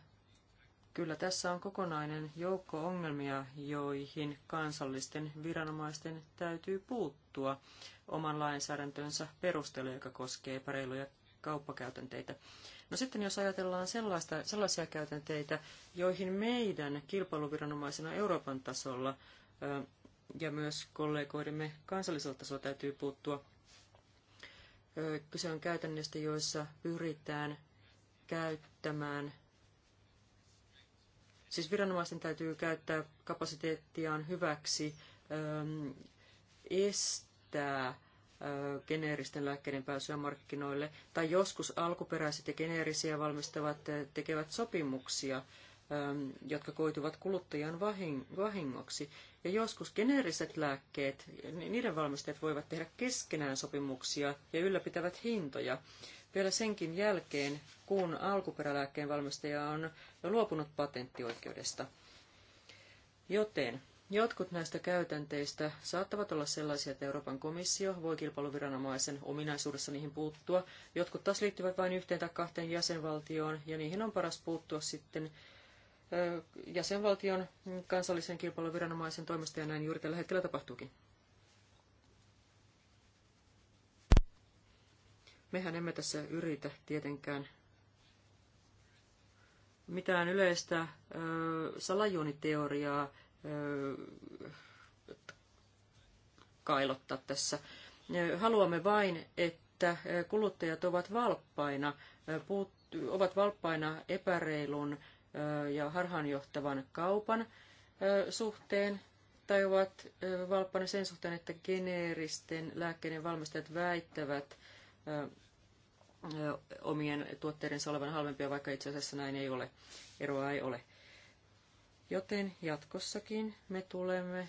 Speaker 2: Kyllä tässä on kokonainen joukko ongelmia, joihin kansallisten viranomaisten täytyy puuttua oman lainsäädäntönsä perusteella, joka koskee epäreiluja kauppakäytänteitä. No sitten jos ajatellaan sellaista, sellaisia käytänteitä, joihin meidän kilpailuviranomaisena Euroopan tasolla ja myös kollegoidemme kansallisella tasolla täytyy puuttua. Kyse on käytännöistä, joissa pyritään käyttämään Siis viranomaisten täytyy käyttää kapasiteettiaan hyväksi, ähm, estää äh, geneeristen lääkkeiden pääsyä markkinoille, tai joskus alkuperäiset ja geneerisiä valmistavat äh, tekevät sopimuksia, ähm, jotka koituvat kuluttajan vahingoksi. Ja joskus geneeriset lääkkeet, niiden valmistajat voivat tehdä keskenään sopimuksia ja ylläpitävät hintoja vielä senkin jälkeen, kun alkuperälääkkeen valmistaja on luopunut patenttioikeudesta. Joten jotkut näistä käytänteistä saattavat olla sellaisia, että Euroopan komissio voi kilpailuviranomaisen ominaisuudessa niihin puuttua. Jotkut taas liittyvät vain yhteen tai kahteen jäsenvaltioon, ja niihin on paras puuttua sitten jäsenvaltion kansallisen kilpailuviranomaisen toimesta, ja näin juuri tällä hetkellä tapahtuukin. Mehän emme tässä yritä tietenkään mitään yleistä salajuoniteoriaa kailottaa tässä. Haluamme vain, että kuluttajat ovat valppaina, ovat valppaina epäreilun ja harhaanjohtavan kaupan suhteen tai ovat valppaina sen suhteen, että geneeristen lääkkeiden valmistajat väittävät omien tuotteidensa olevan halvempia, vaikka itse asiassa näin ei ole. Eroa ei ole. Joten jatkossakin me tulemme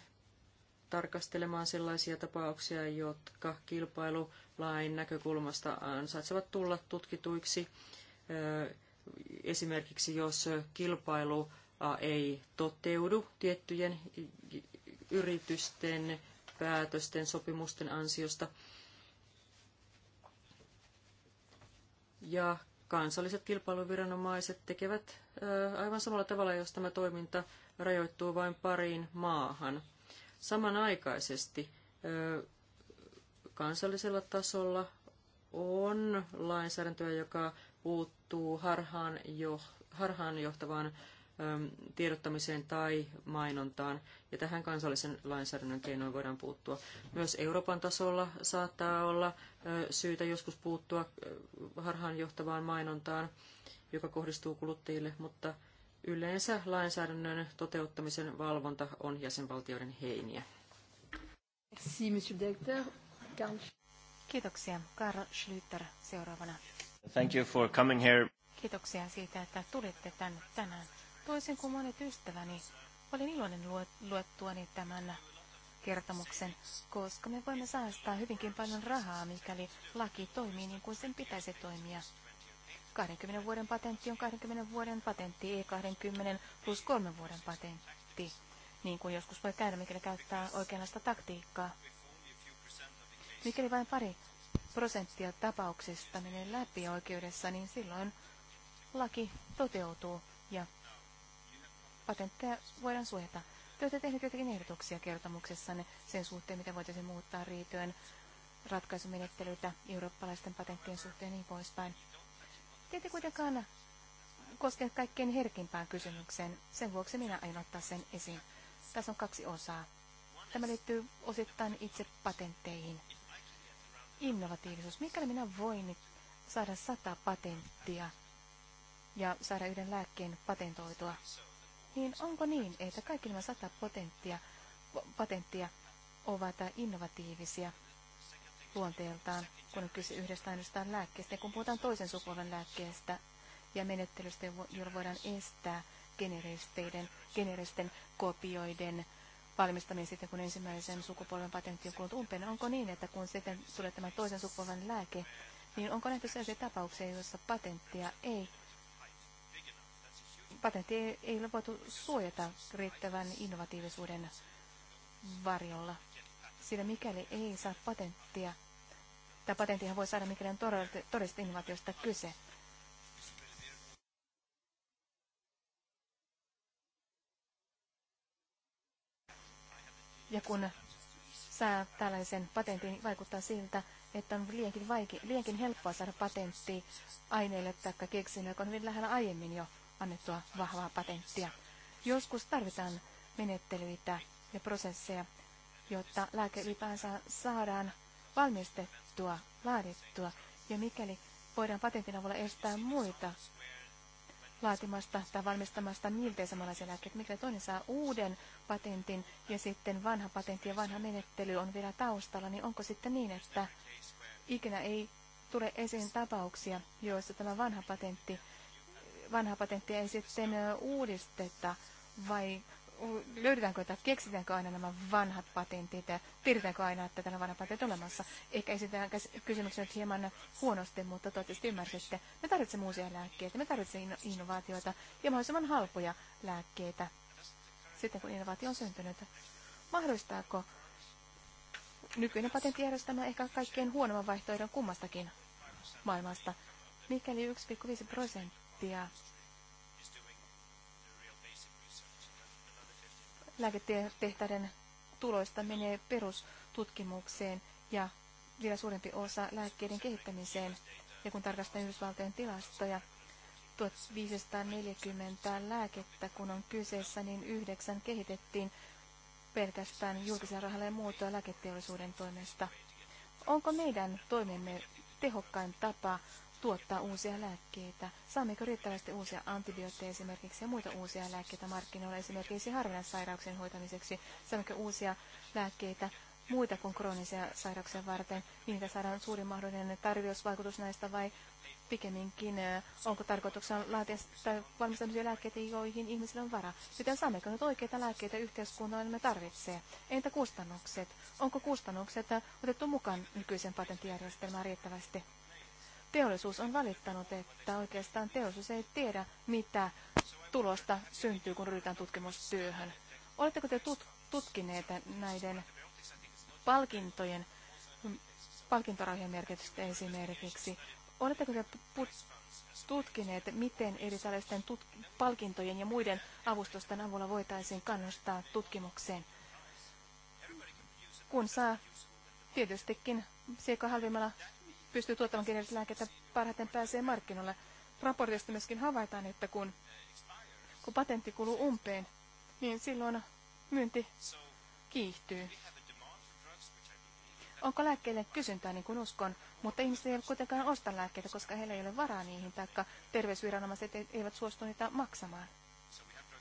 Speaker 2: tarkastelemaan sellaisia tapauksia, jotka kilpailulain näkökulmasta ansaitsevat tulla tutkituiksi. Esimerkiksi jos kilpailu ei toteudu tiettyjen yritysten päätösten sopimusten ansiosta – ja kansalliset kilpailuviranomaiset tekevät aivan samalla tavalla, jos tämä toiminta rajoittuu vain pariin maahan. Samanaikaisesti kansallisella tasolla on lainsäädäntöä, joka puuttuu harhaan, jo, harhaan johtavaan tiedottamiseen tai mainontaan, ja tähän kansallisen lainsäädännön keinoin voidaan puuttua. Myös Euroopan tasolla saattaa olla syytä joskus puuttua harhaanjohtavaan mainontaan, joka kohdistuu kuluttajille, mutta yleensä lainsäädännön toteuttamisen valvonta on jäsenvaltioiden heiniä.
Speaker 1: Kiitoksia. Karl Schlüter seuraavana. Thank
Speaker 3: you for coming here.
Speaker 1: Kiitoksia siitä, että tulitte tänne tänään. Toisin kuin monet ystäväni, olin iloinen luettuani tämän kertomuksen, koska me voimme säästää hyvinkin paljon rahaa, mikäli laki toimii niin kuin sen pitäisi toimia. 20 vuoden patentti on 20 vuoden patentti, ei 20 plus 3 vuoden patentti, niin kuin joskus voi käydä, mikäli käyttää oikeanlaista taktiikkaa. Mikäli vain pari prosenttia tapauksista menee läpi oikeudessa, niin silloin laki toteutuu ja patentteja voidaan suojata. Te olette tehneet jotakin ehdotuksia kertomuksessanne sen suhteen, mitä voitaisiin muuttaa riitojen ratkaisumenettelyitä eurooppalaisten patenttien suhteen niin poispäin. Te ette kuitenkaan koske kaikkein herkimpään kysymykseen. Sen vuoksi minä aion ottaa sen esiin. Tässä on kaksi osaa. Tämä liittyy osittain itse patentteihin. Innovatiivisuus. Mikäli minä voin saada sata patenttia ja saada yhden lääkkeen patentoitua, niin onko niin, että kaikki nämä sata potenttia, patenttia ovat innovatiivisia luonteeltaan, kun on kyse yhdestä ainoastaan lääkkeestä, ja kun puhutaan toisen sukupolven lääkkeestä ja menettelystä, jolla voidaan estää generisten, generisten kopioiden valmistaminen sitten, kun ensimmäisen sukupolven patentti on kulunut umpeen. Niin onko niin, että kun sitten tulee tämä toisen sukupolven lääke, niin onko nähty sellaisia tapauksia, joissa patenttia ei patentti ei ole voitu suojata riittävän innovatiivisuuden varjolla. Sillä mikäli ei saa patenttia, tai patenttihan voi saada mikäli on todellista innovaatiosta kyse, Ja kun saa tällaisen patentin, niin vaikuttaa siltä, että on liiankin, vaike- liiankin helppoa saada patentti aineille tai keksinnöille, kun on hyvin lähellä aiemmin jo annettua vahvaa patenttia. Joskus tarvitaan menettelyitä ja prosesseja, jotta lääke ylipäänsä saadaan valmistettua, laadittua, ja mikäli voidaan patentin avulla estää muita laatimasta tai valmistamasta miltei samanlaisia lääkkeitä. Mikäli toinen saa uuden patentin ja sitten vanha patentti ja vanha menettely on vielä taustalla, niin onko sitten niin, että ikinä ei tule esiin tapauksia, joissa tämä vanha patentti vanha patentti ei sitten uudisteta vai löydetäänkö, että keksitäänkö aina nämä vanhat patentit ja piirretäänkö aina, että täällä on vanha patentti olemassa. Ehkä esitetään nyt hieman huonosti, mutta toivottavasti ymmärsitte. Me tarvitsemme uusia lääkkeitä, me tarvitsemme innovaatioita ja mahdollisimman halpoja lääkkeitä sitten, kun innovaatio on syntynyt. Mahdollistaako nykyinen patenttijärjestelmä ehkä kaikkein huonomman vaihtoehdon kummastakin maailmasta? Mikäli 1,5 prosenttia prosenttia lääketehtäiden tuloista menee perustutkimukseen ja vielä suurempi osa lääkkeiden kehittämiseen. Ja kun tarkastetaan Yhdysvaltojen tilastoja, 1540 lääkettä, kun on kyseessä, niin yhdeksän kehitettiin pelkästään julkisen rahalla ja muutoa lääketeollisuuden toimesta. Onko meidän toimemme tehokkain tapa tuottaa uusia lääkkeitä? Saammeko riittävästi uusia antibiootteja esimerkiksi ja muita uusia lääkkeitä markkinoilla esimerkiksi harvinaissairauksien hoitamiseksi? Saammeko uusia lääkkeitä muita kuin kroonisia sairauksia varten? Mitä saadaan suurin mahdollinen tarjousvaikutus näistä vai pikemminkin, onko tarkoituksena laatia tai valmistamisia lääkkeitä, joihin ihmisillä on vara. Miten saammeko nyt oikeita lääkkeitä yhteiskunnalle me tarvitsee? Entä kustannukset? Onko kustannukset otettu mukaan nykyisen patenttijärjestelmään riittävästi? Teollisuus on valittanut, että oikeastaan teollisuus ei tiedä, mitä tulosta syntyy, kun ryhdytään tutkimustyöhön. Oletteko te tut- tutkineet näiden palkintojen, palkintorahojen merkitystä esimerkiksi? Oletteko te tutkineet, miten eri tällaisten tut- palkintojen ja muiden avustusten avulla voitaisiin kannustaa tutkimukseen? Kun saa tietystikin seikka halvimmalla pystyy tuottamaan geneeristä lääkettä parhaiten pääsee markkinoille. Raportista myöskin havaitaan, että kun, kun patentti kuluu umpeen, niin silloin myynti kiihtyy. Onko lääkkeille kysyntää, niin kuin uskon, mutta ihmiset eivät kuitenkaan osta lääkkeitä, koska heillä ei ole varaa niihin, taikka terveysviranomaiset e- eivät suostu niitä maksamaan.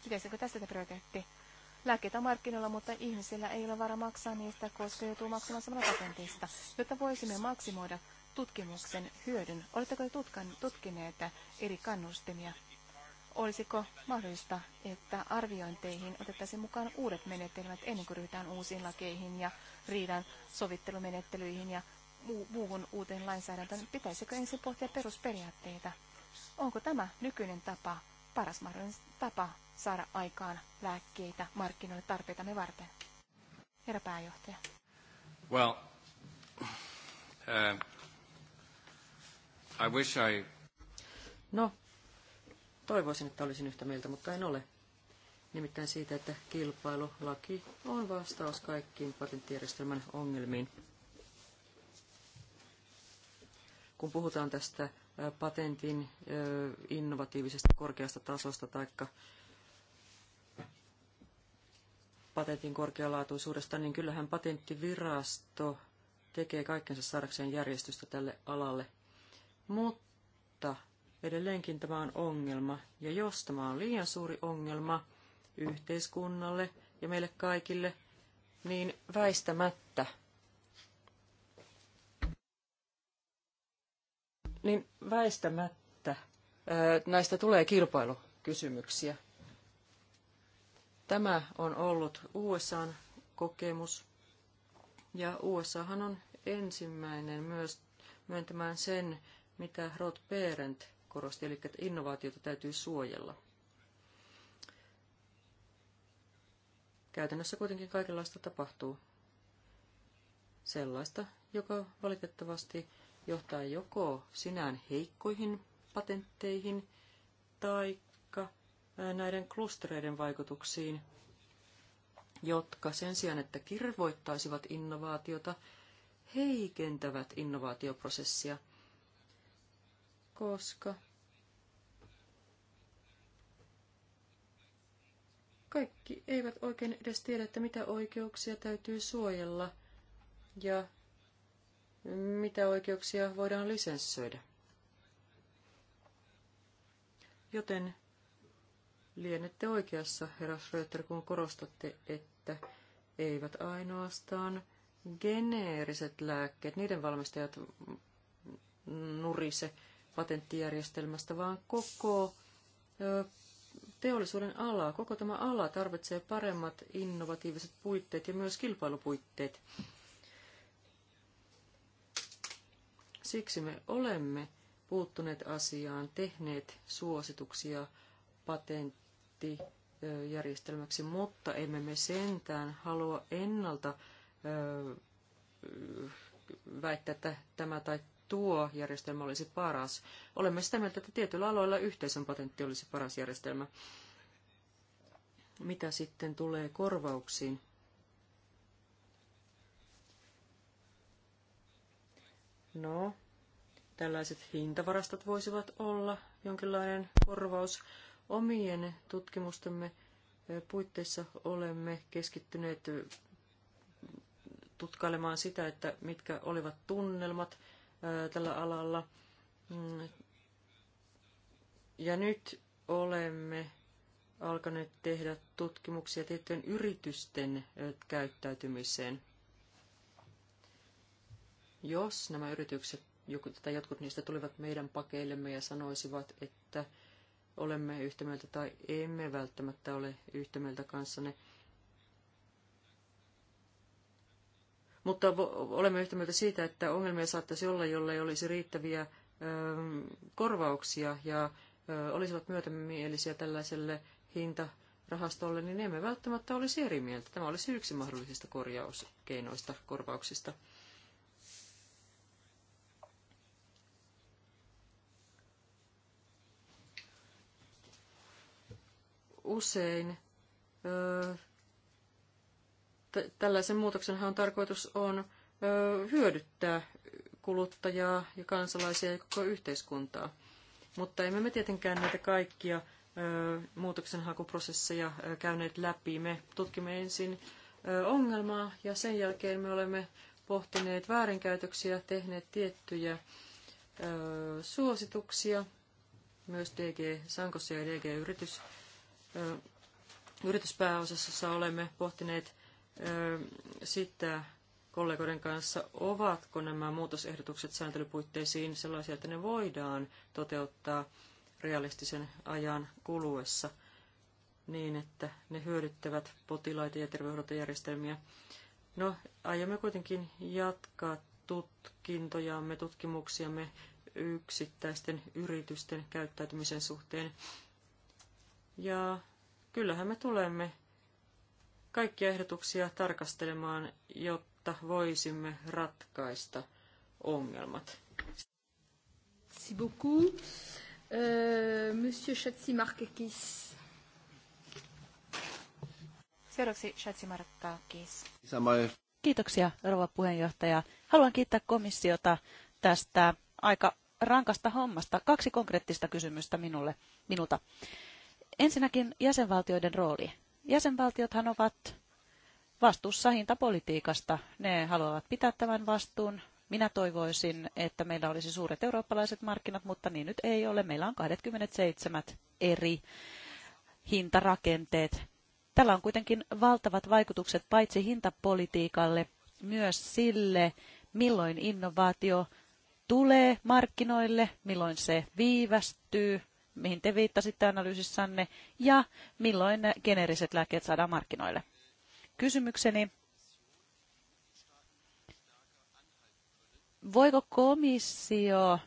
Speaker 1: Pitäisikö tästä prioriteetti? Lääkkeitä on markkinoilla, mutta ihmisillä ei ole varaa maksaa niistä, koska joutuu maksamaan samalla patentista. Jotta voisimme maksimoida tutkimuksen hyödyn? Oletteko tutkineet eri kannustimia? Olisiko mahdollista, että arviointeihin otettaisiin mukaan uudet menetelmät ennen kuin ryhdytään uusiin lakeihin ja riidan sovittelumenettelyihin ja muuhun uuteen lainsäädäntöön? Pitäisikö ensin pohtia perusperiaatteita? Onko tämä nykyinen tapa paras mahdollinen tapa saada aikaan lääkkeitä markkinoille tarpeitamme varten? Herra pääjohtaja.
Speaker 3: Well, uh, I wish I...
Speaker 2: No, toivoisin, että olisin yhtä mieltä, mutta en ole. Nimittäin siitä, että kilpailulaki on vastaus kaikkiin patenttijärjestelmän ongelmiin. Kun puhutaan tästä patentin innovatiivisesta korkeasta tasosta tai patentin korkealaatuisuudesta, niin kyllähän patenttivirasto tekee kaikkensa saadakseen järjestystä tälle alalle – mutta edelleenkin tämä on ongelma, ja jos tämä on liian suuri ongelma yhteiskunnalle ja meille kaikille, niin väistämättä, niin väistämättä näistä tulee kilpailukysymyksiä. Tämä on ollut USAn kokemus, ja USAhan on ensimmäinen myös myöntämään sen, mitä Rod Perent korosti, eli että innovaatiota täytyy suojella. Käytännössä kuitenkin kaikenlaista tapahtuu. Sellaista, joka valitettavasti johtaa joko sinään heikkoihin patentteihin tai näiden klustereiden vaikutuksiin, jotka sen sijaan, että kirvoittaisivat innovaatiota, heikentävät innovaatioprosessia – koska kaikki eivät oikein edes tiedä, että mitä oikeuksia täytyy suojella ja mitä oikeuksia voidaan lisenssöidä. Joten lienette oikeassa, herra Schröter, kun korostatte, että eivät ainoastaan geneeriset lääkkeet, niiden valmistajat nurise, patenttijärjestelmästä, vaan koko teollisuuden ala, koko tämä ala tarvitsee paremmat innovatiiviset puitteet ja myös kilpailupuitteet. Siksi me olemme puuttuneet asiaan, tehneet suosituksia patenttijärjestelmäksi, mutta emme me sentään halua ennalta väittää, että tämä tai tuo järjestelmä olisi paras. Olemme sitä mieltä, että tietyillä aloilla yhteisön patentti olisi paras järjestelmä. Mitä sitten tulee korvauksiin? No, tällaiset hintavarastot voisivat olla jonkinlainen korvaus. Omien tutkimustemme puitteissa olemme keskittyneet tutkailemaan sitä, että mitkä olivat tunnelmat tällä alalla. Mm. Ja nyt olemme alkaneet tehdä tutkimuksia tiettyjen yritysten käyttäytymiseen. Jos nämä yritykset tai jotkut niistä tulivat meidän pakeillemme ja sanoisivat, että olemme yhtä mieltä tai emme välttämättä ole yhtä mieltä kanssanne, Mutta olemme yhtä mieltä siitä, että ongelmia saattaisi olla, jollei olisi riittäviä ähm, korvauksia ja äh, olisivat myötämielisiä tällaiselle hintarahastolle, niin emme välttämättä olisi eri mieltä. Tämä olisi yksi mahdollisista korjauskeinoista, korvauksista. Usein äh, tällaisen muutoksenhan on tarkoitus on hyödyttää kuluttajaa ja kansalaisia ja koko yhteiskuntaa. Mutta emme me tietenkään näitä kaikkia muutoksenhakuprosesseja käyneet läpi. Me tutkimme ensin ongelmaa ja sen jälkeen me olemme pohtineet väärinkäytöksiä, tehneet tiettyjä suosituksia, myös DG Sankossa ja DG Yritys, yrityspääosassa olemme pohtineet sitä kollegoiden kanssa, ovatko nämä muutosehdotukset sääntelypuitteisiin sellaisia, että ne voidaan toteuttaa realistisen ajan kuluessa niin, että ne hyödyttävät potilaita ja terveydenhoitojärjestelmiä. No, aiomme kuitenkin jatkaa tutkintojamme, tutkimuksiamme yksittäisten yritysten käyttäytymisen suhteen. Ja kyllähän me tulemme kaikkia ehdotuksia tarkastelemaan, jotta voisimme ratkaista ongelmat.
Speaker 3: Merci beaucoup. Euh,
Speaker 1: Monsieur Chatsimarkakis. Seuraavaksi Chatsimarkakis.
Speaker 4: Kiitoksia, rouva puheenjohtaja. Haluan kiittää komissiota tästä aika rankasta hommasta. Kaksi konkreettista kysymystä minulle, minulta. Ensinnäkin jäsenvaltioiden rooli. Jäsenvaltiothan ovat vastuussa hintapolitiikasta. Ne haluavat pitää tämän vastuun. Minä toivoisin, että meillä olisi suuret eurooppalaiset markkinat, mutta niin nyt ei ole. Meillä on 27 eri hintarakenteet. Tällä on kuitenkin valtavat vaikutukset paitsi hintapolitiikalle, myös sille, milloin innovaatio tulee markkinoille, milloin se viivästyy, mihin te viittasitte analyysissanne, ja milloin geneeriset lääkkeet saadaan markkinoille. Kysymykseni voiko komissio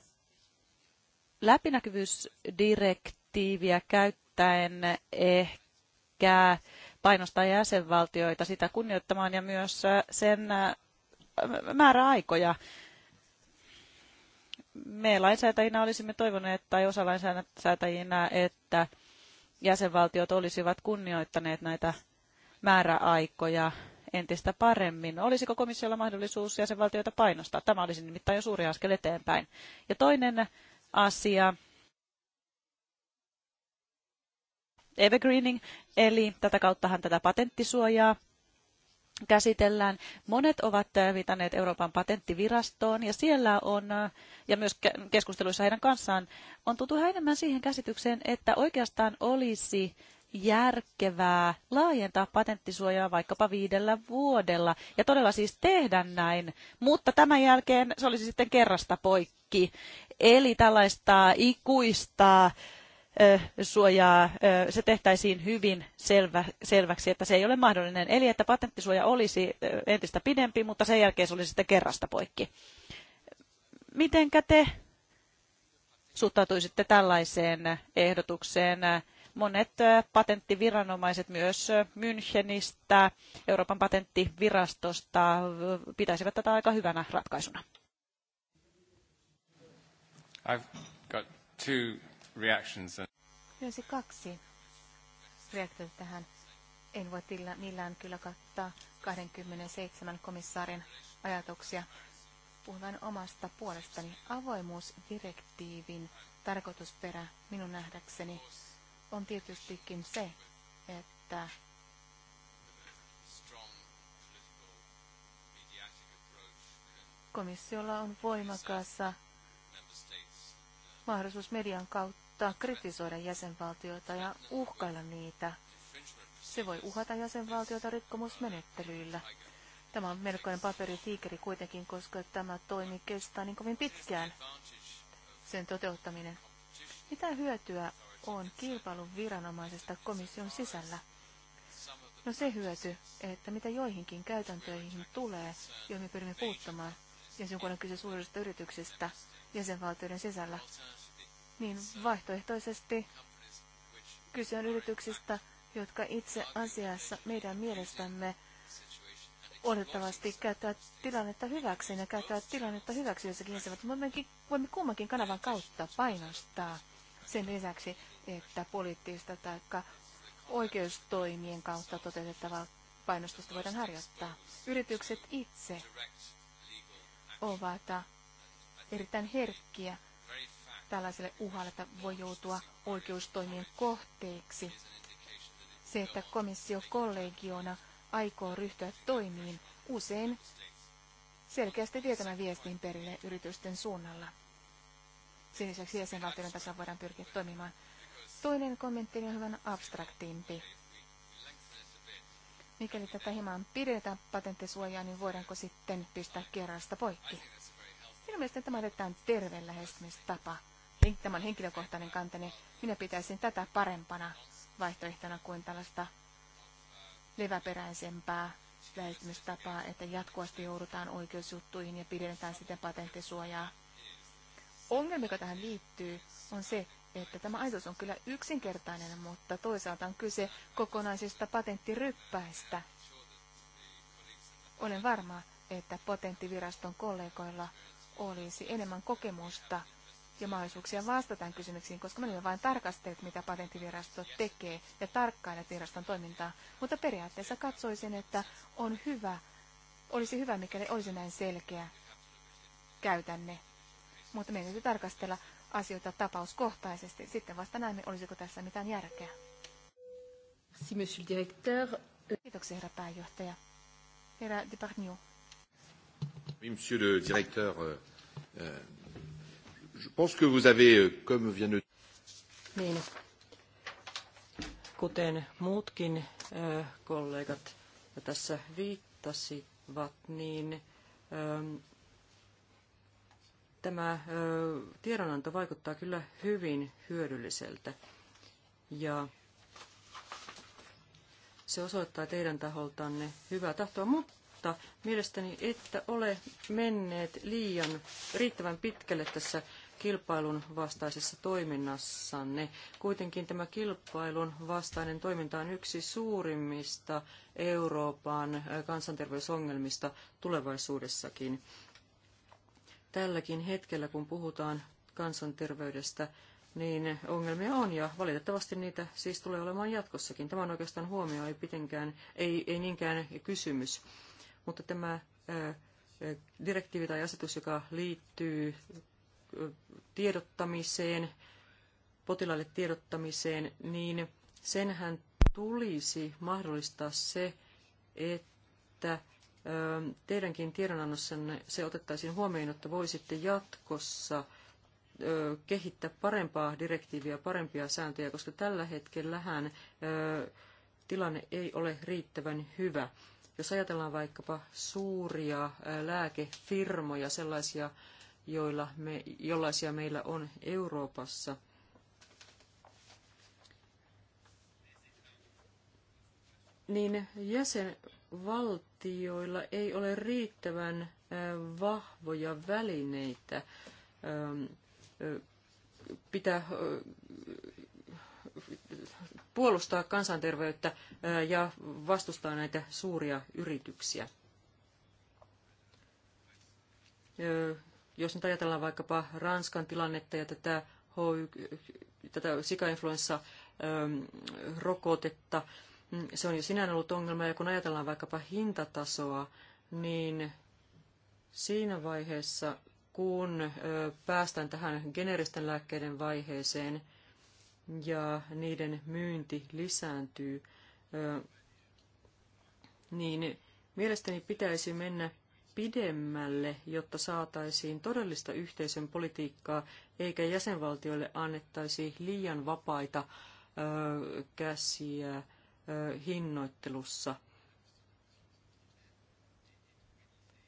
Speaker 4: läpinäkyvyysdirektiiviä käyttäen ehkä painostaa jäsenvaltioita sitä kunnioittamaan ja myös sen äh, määräaikoja me lainsäätäjinä olisimme toivoneet, tai osa lainsäätäjinä, että jäsenvaltiot olisivat kunnioittaneet näitä määräaikoja entistä paremmin. Olisiko komissiolla mahdollisuus jäsenvaltioita painostaa? Tämä olisi nimittäin jo suuri askel eteenpäin. Ja toinen asia, evergreening, eli tätä kauttahan tätä patenttisuojaa käsitellään. Monet ovat äh, viitanneet Euroopan patenttivirastoon ja siellä on, äh, ja myös keskusteluissa heidän kanssaan, on tultu enemmän siihen käsitykseen, että oikeastaan olisi järkevää laajentaa patenttisuojaa vaikkapa viidellä vuodella ja todella siis tehdä näin, mutta tämän jälkeen se olisi sitten kerrasta poikki. Eli tällaista ikuista suojaa, se tehtäisiin hyvin selvä, selväksi, että se ei ole mahdollinen. Eli että patenttisuoja olisi entistä pidempi, mutta sen jälkeen se olisi sitten kerrasta poikki. Mitenkä te suhtautuisitte tällaiseen ehdotukseen? Monet patenttiviranomaiset myös Münchenistä, Euroopan patenttivirastosta, pitäisivät tätä aika hyvänä ratkaisuna.
Speaker 3: I've got two reactions.
Speaker 1: Löysi kaksi reaktiota tähän. En voi tilla, millään kyllä kattaa 27 komissaarin ajatuksia. Puhun omasta puolestani. Avoimuusdirektiivin tarkoitusperä minun nähdäkseni on tietystikin se, että komissiolla on voimakas mahdollisuus median kautta saattaa kritisoida jäsenvaltioita ja uhkailla niitä. Se voi uhata jäsenvaltiota rikkomusmenettelyillä. Tämä on melkoinen paperitiikeri kuitenkin, koska tämä toimi kestää niin kovin pitkään, sen toteuttaminen. Mitä hyötyä on kilpailun viranomaisesta komission sisällä? No se hyöty, että mitä joihinkin käytäntöihin tulee, joihin me pyrimme puuttumaan, jos jonkun on kyse suurista yrityksistä jäsenvaltioiden sisällä, niin vaihtoehtoisesti kyse on yrityksistä, jotka itse asiassa meidän mielestämme odottavasti käyttää tilannetta hyväksi ja käyttää tilannetta hyväksi jossakin mutta Voimme, voimme kummankin kanavan kautta painostaa sen lisäksi, että poliittista tai oikeustoimien kautta toteutettavaa painostusta voidaan harjoittaa. Yritykset itse ovat erittäin herkkiä tällaiselle uhalle, että voi joutua oikeustoimien kohteeksi. Se, että komissio kollegiona aikoo ryhtyä toimiin, usein selkeästi vie tämän viestin perille yritysten suunnalla. Sen lisäksi jäsenvaltioiden tasolla voidaan pyrkiä toimimaan. Toinen kommentti on hyvän abstraktimpi. Mikäli tätä hieman pidetään patenttisuojaa, niin voidaanko sitten pistää kerrasta poikki? Minun mielestäni tämä on erittäin terve lähestymistapa. Niin, tämän henkilökohtainen kantani, minä pitäisin tätä parempana vaihtoehtona kuin tällaista leväperäisempää lähestymistapaa, että jatkuvasti joudutaan oikeusjuttuihin ja pidennetään sitten patenttisuojaa. Ongelma, joka tähän liittyy, on se, että tämä ajatus on kyllä yksinkertainen, mutta toisaalta on kyse kokonaisista patenttiryppäistä. Olen varma, että patenttiviraston kollegoilla olisi enemmän kokemusta ja mahdollisuuksia vastataan kysymyksiin, koska me on vain tarkasteet, mitä patenttivirasto tekee ja tarkkailla viraston toimintaa. Mutta periaatteessa katsoisin, että on hyvä, olisi hyvä, mikäli olisi näin selkeä käytänne. Mutta meidän täytyy tarkastella asioita tapauskohtaisesti. Sitten vasta näemme, olisiko tässä mitään järkeä. Merci, monsieur le directeur. Kiitoksia, herra pääjohtaja. Herra Depardieu.
Speaker 3: Oui, monsieur le directeur, euh, euh, Je pense que vous avez, euh, comme vient de...
Speaker 2: Niin. Kuten muutkin ö, äh, kollegat tässä viittasivat, niin ö, ähm, tämä ö, äh, tiedonanto vaikuttaa kyllä hyvin hyödylliseltä. Ja se osoittaa teidän taholtanne hyvää tahtoa, mutta mielestäni että ole menneet liian riittävän pitkälle tässä kilpailun vastaisessa toiminnassanne. Kuitenkin tämä kilpailun vastainen toiminta on yksi suurimmista Euroopan äh, kansanterveysongelmista tulevaisuudessakin. Tälläkin hetkellä, kun puhutaan kansanterveydestä, niin ongelmia on ja valitettavasti niitä siis tulee olemaan jatkossakin. Tämä on oikeastaan huomio, ei, pitenkään, ei, ei niinkään kysymys. Mutta tämä äh, äh, direktiivi tai asetus, joka liittyy tiedottamiseen, potilaille tiedottamiseen, niin senhän tulisi mahdollistaa se, että teidänkin tiedonannossanne se otettaisiin huomioon, että voisitte jatkossa kehittää parempaa direktiiviä, parempia sääntöjä, koska tällä hetkellähän tilanne ei ole riittävän hyvä. Jos ajatellaan vaikkapa suuria lääkefirmoja, sellaisia joilla me, jollaisia meillä on Euroopassa. Niin jäsenvaltioilla ei ole riittävän vahvoja välineitä pitää puolustaa kansanterveyttä ja vastustaa näitä suuria yrityksiä. Jos nyt ajatellaan vaikkapa Ranskan tilannetta ja tätä, tätä sikainfluenssa-rokotetta, ähm, mm, se on jo sinään ollut ongelma, ja kun ajatellaan vaikkapa hintatasoa, niin siinä vaiheessa, kun äh, päästään tähän generisten lääkkeiden vaiheeseen ja niiden myynti lisääntyy, äh, niin mielestäni pitäisi mennä pidemmälle, jotta saataisiin todellista yhteisön politiikkaa, eikä jäsenvaltioille annettaisi liian vapaita ö, käsiä ö, hinnoittelussa.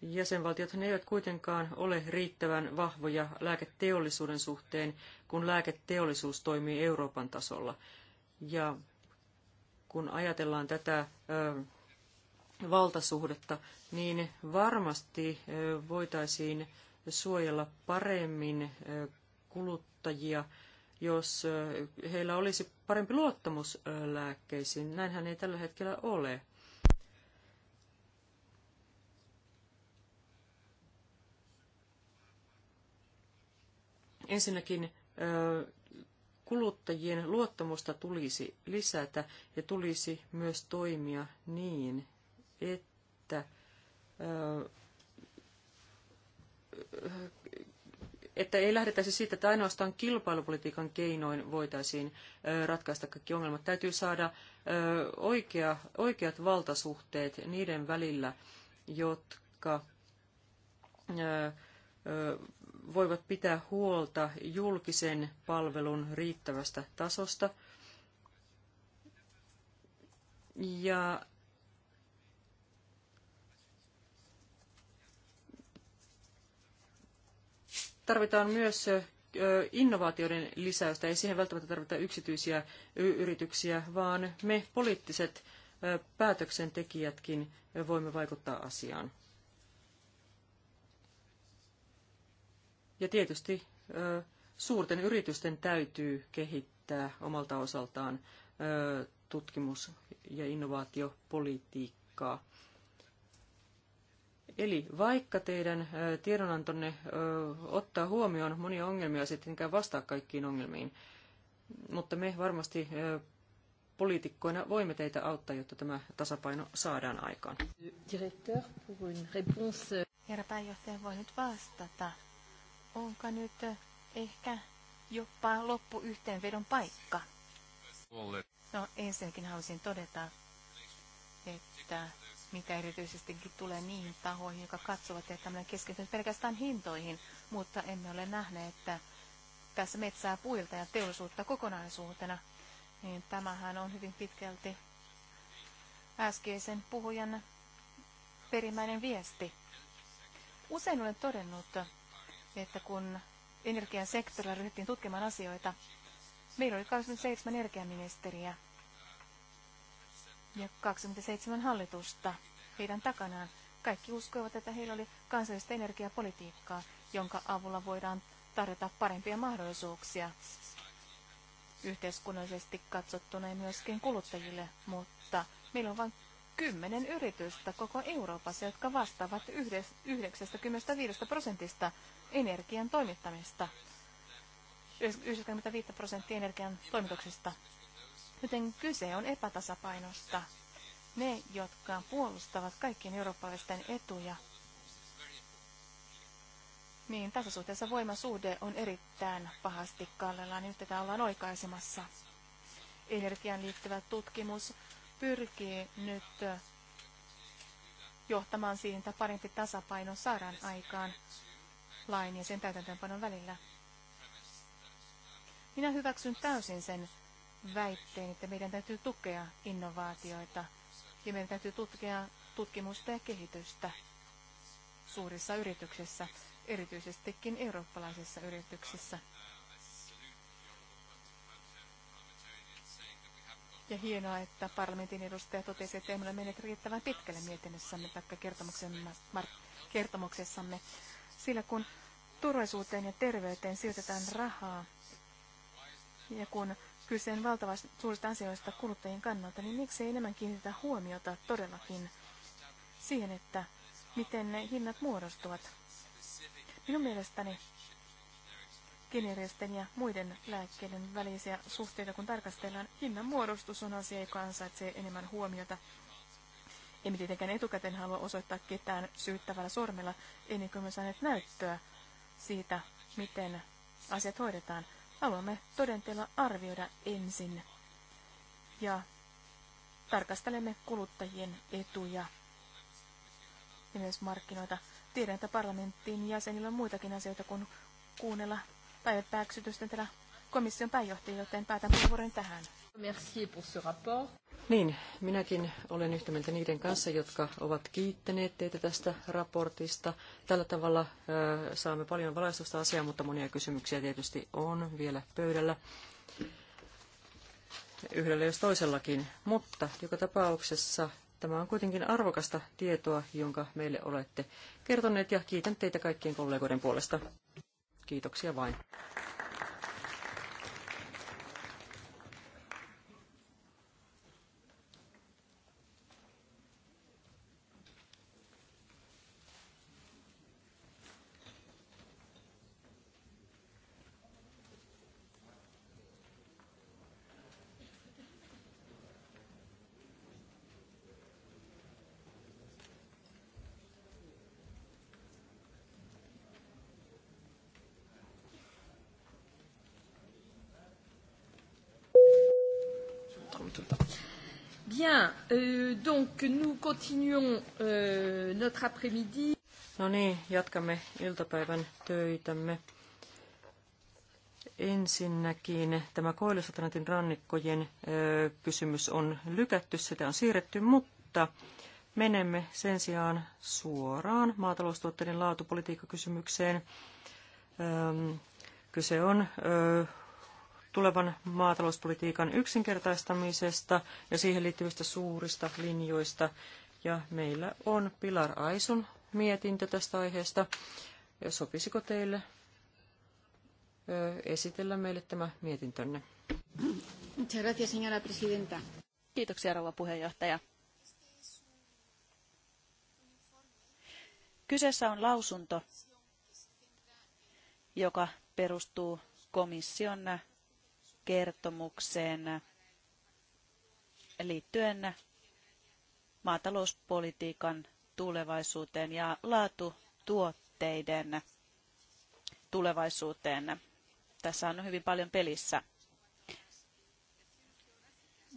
Speaker 2: Jäsenvaltiothan eivät kuitenkaan ole riittävän vahvoja lääketeollisuuden suhteen, kun lääketeollisuus toimii Euroopan tasolla. Ja kun ajatellaan tätä ö, valtasuhdetta, niin varmasti voitaisiin suojella paremmin kuluttajia, jos heillä olisi parempi luottamus lääkkeisiin. Näinhän ei tällä hetkellä ole. Ensinnäkin kuluttajien luottamusta tulisi lisätä ja tulisi myös toimia niin, että että ei lähdettäisi siitä, että ainoastaan kilpailupolitiikan keinoin voitaisiin ratkaista kaikki ongelmat. Täytyy saada oikea, oikeat valtasuhteet niiden välillä, jotka voivat pitää huolta julkisen palvelun riittävästä tasosta. Ja tarvitaan myös innovaatioiden lisäystä. Ei siihen välttämättä tarvita yksityisiä yrityksiä, vaan me poliittiset päätöksentekijätkin voimme vaikuttaa asiaan. Ja tietysti suurten yritysten täytyy kehittää omalta osaltaan tutkimus- ja innovaatiopolitiikkaa. Eli vaikka teidän tiedonantonne ottaa huomioon monia ongelmia, se tietenkään vastaa kaikkiin ongelmiin, mutta me varmasti poliitikkoina voimme teitä auttaa, jotta tämä tasapaino saadaan aikaan.
Speaker 1: Herra pääjohtaja voi nyt vastata. Onko nyt ehkä jopa loppuyhteenvedon paikka? No ensinnäkin haluaisin todeta, että mitä erityisestikin tulee niihin tahoihin, jotka katsovat, että tämmöinen keskittynyt pelkästään hintoihin, mutta emme ole nähneet, että tässä metsää puilta ja teollisuutta kokonaisuutena, niin tämähän on hyvin pitkälti äskeisen puhujan perimmäinen viesti. Usein olen todennut, että kun energian sektorilla ryhdyttiin tutkimaan asioita, meillä oli 27 energiaministeriä ja 27 hallitusta heidän takanaan. Kaikki uskoivat, että heillä oli kansallista energiapolitiikkaa, jonka avulla voidaan tarjota parempia mahdollisuuksia yhteiskunnallisesti katsottuna ja myöskin kuluttajille, mutta meillä on vain kymmenen yritystä koko Euroopassa, jotka vastaavat 95 prosentista energian toimittamista. 95 prosenttia energian toimituksista Joten kyse on epätasapainosta. Ne, jotka puolustavat kaikkien eurooppalaisten etuja, niin tässä suhteessa voimasuhde on erittäin pahasti kallellaan. Niin nyt tätä ollaan oikaisemassa. Energian liittyvä tutkimus pyrkii nyt johtamaan siihen, että parempi tasapaino saadaan aikaan lain ja sen täytäntöönpanon välillä. Minä hyväksyn täysin sen väitteen, että meidän täytyy tukea innovaatioita ja meidän täytyy tutkia tutkimusta ja kehitystä suurissa yrityksissä, erityisestikin eurooppalaisissa yrityksissä. Ja hienoa, että parlamentin edustaja totesi, että emme ole menneet riittävän pitkälle mietinnössämme tai kertomuksessamme. Sillä kun turvallisuuteen ja terveyteen sijoitetaan rahaa ja kun kyse on valtavan suurista asioista kuluttajien kannalta, niin miksei enemmän kiinnitetä huomiota todellakin siihen, että miten ne hinnat muodostuvat. Minun mielestäni geneeristen ja muiden lääkkeiden välisiä suhteita, kun tarkastellaan, hinnan muodostus on asia, joka ansaitsee enemmän huomiota. Emme tietenkään etukäteen halua osoittaa ketään syyttävällä sormella, ennen kuin me saaneet näyttöä siitä, miten asiat hoidetaan haluamme todenteella arvioida ensin ja tarkastelemme kuluttajien etuja ja myös markkinoita. Tiedän, että parlamenttiin jäsenillä on muitakin asioita kuin kuunnella päiväpääksytysten täällä komission pääjohtajia, joten päätän puheenvuoron tähän.
Speaker 2: Niin, minäkin olen yhtä mieltä niiden kanssa, jotka ovat kiittäneet teitä tästä raportista. Tällä tavalla saamme paljon valaistusta asiaa, mutta monia kysymyksiä tietysti on vielä pöydällä yhdellä jos toisellakin, mutta joka tapauksessa tämä on kuitenkin arvokasta tietoa, jonka meille olette kertoneet ja kiitän teitä kaikkien kollegoiden puolesta. Kiitoksia vain. Bien, euh, donc nous continuons euh, notre après-midi. No niin, jatkamme iltapäivän töitämme. Ensinnäkin tämä Koillisatlantin rannikkojen ö, kysymys on lykätty, sitä on siirretty, mutta menemme sen sijaan suoraan maataloustuotteiden laatupolitiikkakysymykseen. Ö, kyse on ö, tulevan maatalouspolitiikan yksinkertaistamisesta ja siihen liittyvistä suurista linjoista. Ja meillä on Pilar Aisun mietintö tästä aiheesta. Ja sopisiko teille esitellä meille tämä mietintönne?
Speaker 4: Kiitoksia, rouva puheenjohtaja. Kyseessä on lausunto, joka perustuu komission kertomukseen liittyen maatalouspolitiikan tulevaisuuteen ja laatutuotteiden tulevaisuuteen. Tässä on hyvin paljon pelissä.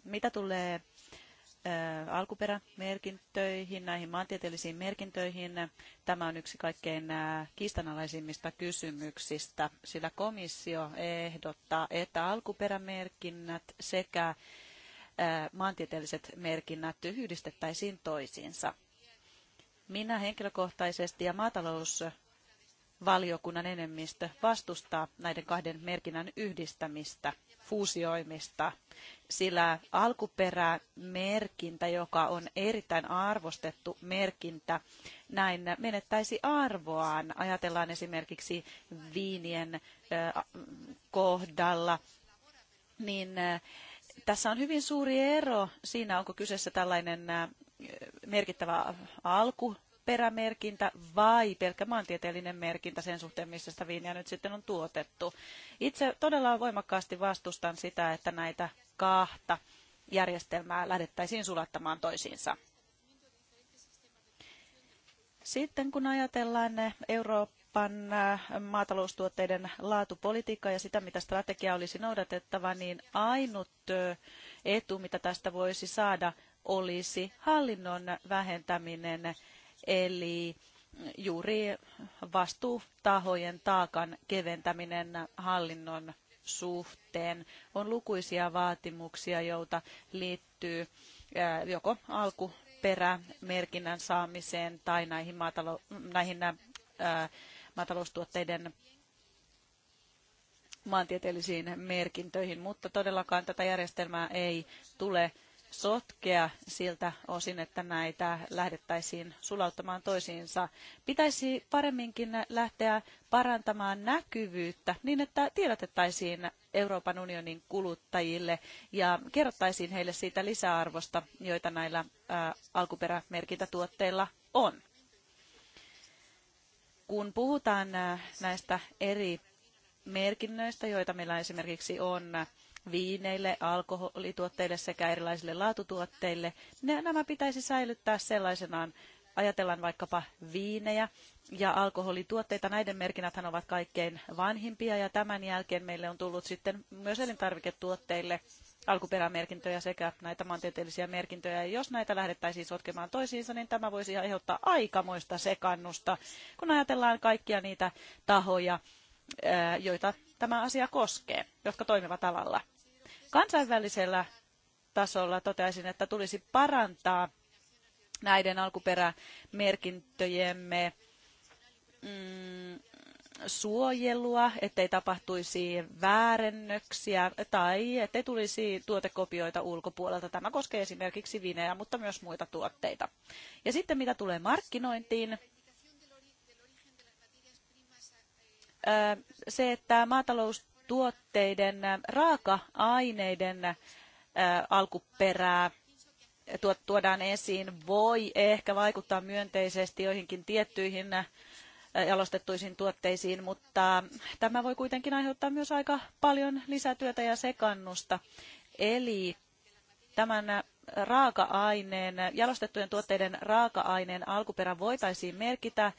Speaker 4: Mitä tulee alkuperämerkintöihin, näihin maantieteellisiin merkintöihin. Tämä on yksi kaikkein kiistanalaisimmista kysymyksistä, sillä komissio ehdottaa, että alkuperämerkinnät sekä maantieteelliset merkinnät yhdistettäisiin toisiinsa. Minä henkilökohtaisesti ja maatalousvaliokunnan enemmistö vastustaa näiden kahden merkinnän yhdistämistä fuusioimista, sillä alkuperämerkintä, joka on erittäin arvostettu merkintä, näin menettäisi arvoaan. Ajatellaan esimerkiksi viinien kohdalla, niin tässä on hyvin suuri ero siinä, onko kyseessä tällainen merkittävä alku alkuperämerkintä vai pelkkä maantieteellinen merkintä sen suhteen, missä sitä viiniä nyt sitten on tuotettu. Itse todella voimakkaasti vastustan sitä, että näitä kahta järjestelmää lähdettäisiin sulattamaan toisiinsa. Sitten kun ajatellaan Euroopan äh, maataloustuotteiden laatupolitiikkaa ja sitä, mitä strategia olisi noudatettava, niin ainut äh, etu, mitä tästä voisi saada, olisi hallinnon vähentäminen eli juuri vastuutahojen taakan keventäminen hallinnon suhteen. On lukuisia vaatimuksia, joita liittyy joko alkuperämerkinnän saamiseen tai näihin, maatalo- näihin ää, maataloustuotteiden maantieteellisiin merkintöihin, mutta todellakaan tätä järjestelmää ei tule sotkea siltä osin, että näitä lähdettäisiin sulauttamaan toisiinsa. Pitäisi paremminkin lähteä parantamaan näkyvyyttä niin, että tiedotettaisiin Euroopan unionin kuluttajille ja kerrottaisiin heille siitä lisäarvosta, joita näillä alkuperämerkintätuotteilla on. Kun puhutaan näistä eri merkinnöistä, joita meillä esimerkiksi on viineille, alkoholituotteille sekä erilaisille laatutuotteille. nämä pitäisi säilyttää sellaisenaan. Ajatellaan vaikkapa viinejä ja alkoholituotteita. Näiden merkinnäthän ovat kaikkein vanhimpia ja tämän jälkeen meille on tullut sitten myös elintarviketuotteille alkuperämerkintöjä sekä näitä maantieteellisiä merkintöjä. Ja jos näitä lähdettäisiin sotkemaan toisiinsa, niin tämä voisi aiheuttaa aikamoista sekannusta, kun ajatellaan kaikkia niitä tahoja, joita tämä asia koskee, jotka toimivat alalla. Kansainvälisellä tasolla toteaisin, että tulisi parantaa näiden alkuperämerkintöjemme mm, suojelua, ettei tapahtuisi väärennöksiä tai ettei tulisi tuotekopioita ulkopuolelta. Tämä koskee esimerkiksi vinejä, mutta myös muita tuotteita. Ja sitten mitä tulee markkinointiin, se, että maataloustuotteiden raaka-aineiden alkuperää tuodaan esiin, voi ehkä vaikuttaa myönteisesti joihinkin tiettyihin jalostettuisiin tuotteisiin, mutta tämä voi kuitenkin aiheuttaa myös aika paljon lisätyötä ja sekannusta. Eli tämän raaka-aineen, jalostettujen tuotteiden raaka-aineen alkuperä voitaisiin merkitä,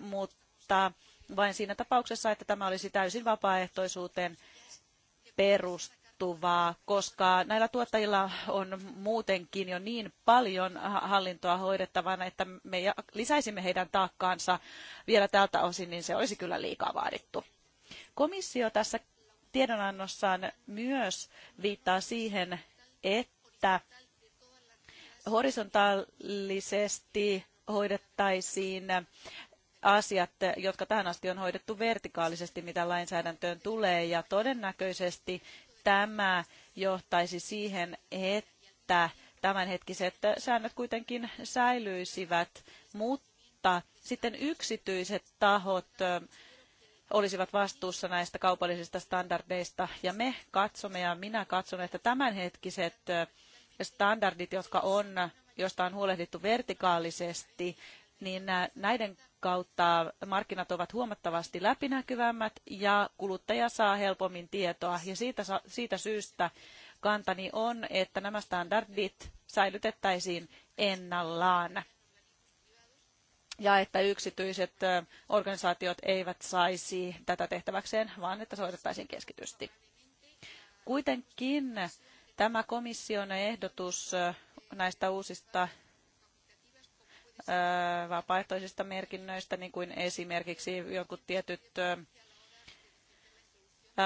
Speaker 4: mutta vain siinä tapauksessa, että tämä olisi täysin vapaaehtoisuuteen perustuvaa, koska näillä tuottajilla on muutenkin jo niin paljon hallintoa hoidettavana, että me lisäisimme heidän taakkaansa vielä tältä osin, niin se olisi kyllä liikaa vaadittu. Komissio tässä tiedonannossaan myös viittaa siihen, että horisontaalisesti hoidettaisiin asiat, jotka tähän asti on hoidettu vertikaalisesti, mitä lainsäädäntöön tulee, ja todennäköisesti tämä johtaisi siihen, että tämänhetkiset säännöt kuitenkin säilyisivät, mutta sitten yksityiset tahot olisivat vastuussa näistä kaupallisista standardeista. Ja me katsomme ja minä katson, että tämänhetkiset standardit, jotka on, josta on huolehdittu vertikaalisesti, niin näiden kautta markkinat ovat huomattavasti läpinäkyvämmät ja kuluttaja saa helpommin tietoa. Ja siitä, siitä syystä kantani on, että nämä standardit säilytettäisiin ennallaan ja että yksityiset organisaatiot eivät saisi tätä tehtäväkseen, vaan että se keskitysti. Kuitenkin tämä komission ehdotus näistä uusista vapaaehtoisista merkinnöistä, niin kuin esimerkiksi jotkut tietyt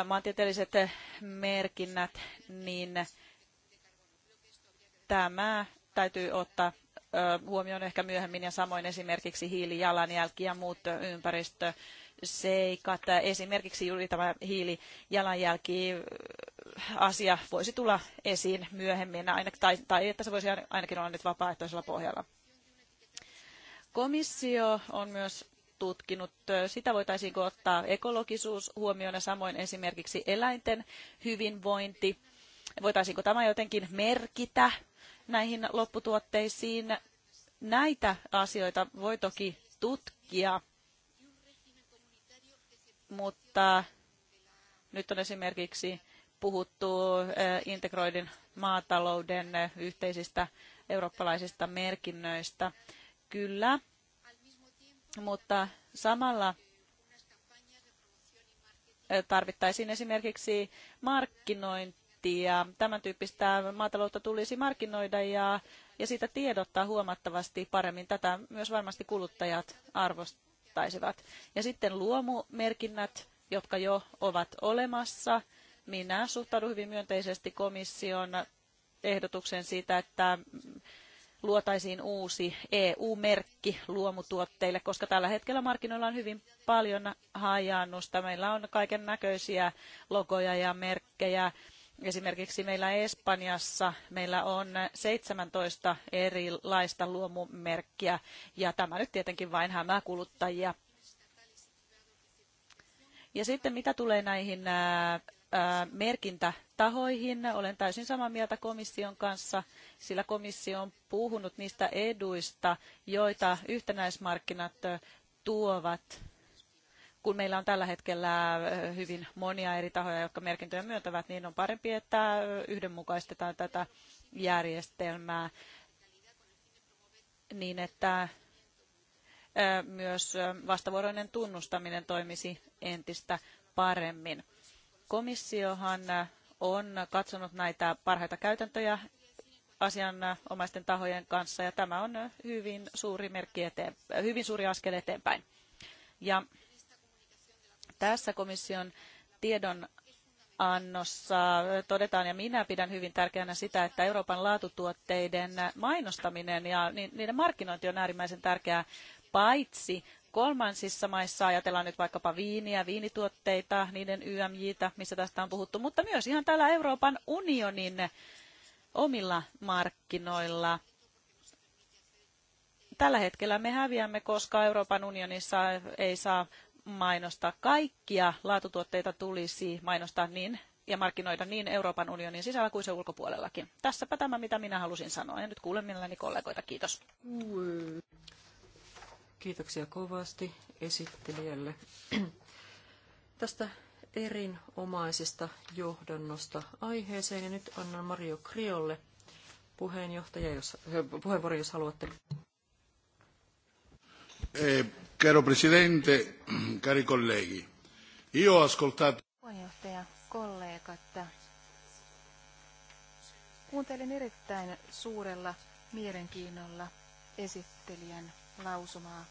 Speaker 4: maantieteelliset merkinnät, niin tämä täytyy ottaa huomioon ehkä myöhemmin ja samoin esimerkiksi hiilijalanjälki ja muut ympäristöseikat. Esimerkiksi juuri tämä hiilijalanjälki asia voisi tulla esiin myöhemmin, tai, tai että se voisi ainakin olla nyt vapaaehtoisella pohjalla. Komissio on myös tutkinut sitä, voitaisiinko ottaa ekologisuus huomioon ja samoin esimerkiksi eläinten hyvinvointi. Voitaisiinko tämä jotenkin merkitä näihin lopputuotteisiin? Näitä asioita voi toki tutkia, mutta nyt on esimerkiksi puhuttu integroidin maatalouden yhteisistä eurooppalaisista merkinnöistä kyllä, mutta samalla tarvittaisiin esimerkiksi markkinointia. Tämän tyyppistä maataloutta tulisi markkinoida ja, ja siitä tiedottaa huomattavasti paremmin. Tätä myös varmasti kuluttajat arvostaisivat. Ja sitten luomumerkinnät, jotka jo ovat olemassa. Minä suhtaudun hyvin myönteisesti komission ehdotuksen siitä, että luotaisiin uusi EU-merkki luomutuotteille, koska tällä hetkellä markkinoilla on hyvin paljon hajaannusta. Meillä on kaiken näköisiä logoja ja merkkejä. Esimerkiksi meillä Espanjassa meillä on 17 erilaista luomumerkkiä ja tämä nyt tietenkin vain hämää kuluttajia. Ja sitten mitä tulee näihin merkintätahoihin. Olen täysin samaa mieltä komission kanssa, sillä komissio on puhunut niistä eduista, joita yhtenäismarkkinat tuovat kun meillä on tällä hetkellä hyvin monia eri tahoja, jotka merkintöjä myöntävät, niin on parempi, että yhdenmukaistetaan tätä järjestelmää niin, että myös vastavuoroinen tunnustaminen toimisi entistä paremmin. Komissiohan äh, on katsonut näitä parhaita käytäntöjä asianomaisten tahojen kanssa ja tämä on äh, hyvin suuri, merkki eteen, äh, hyvin suuri askel eteenpäin. Ja tässä komission tiedon annossa todetaan, ja minä pidän hyvin tärkeänä sitä, että Euroopan laatutuotteiden mainostaminen ja niiden markkinointi on äärimmäisen tärkeää paitsi kolmansissa maissa, ajatellaan nyt vaikkapa viiniä, viinituotteita, niiden YMJtä, missä tästä on puhuttu, mutta myös ihan täällä Euroopan unionin omilla markkinoilla. Tällä hetkellä me häviämme, koska Euroopan unionissa ei saa mainostaa kaikkia laatutuotteita tulisi mainostaa niin ja markkinoida niin Euroopan unionin sisällä kuin sen ulkopuolellakin. Tässäpä tämä, mitä minä halusin sanoa. En nyt kuule mielelläni kollegoita. Kiitos.
Speaker 2: Kiitoksia kovasti esittelijälle tästä erinomaisesta johdannosta aiheeseen. Ja nyt annan Mario Kriolle puheenjohtaja, jos, puheenvuoro, jos haluatte.
Speaker 3: Eh, caro Presidente, cari colleghi, io ho ascoltato...
Speaker 1: Puheenjohtaja, kollegat, kuuntelin erittäin suurella mielenkiinnolla esittelijän lausumaa.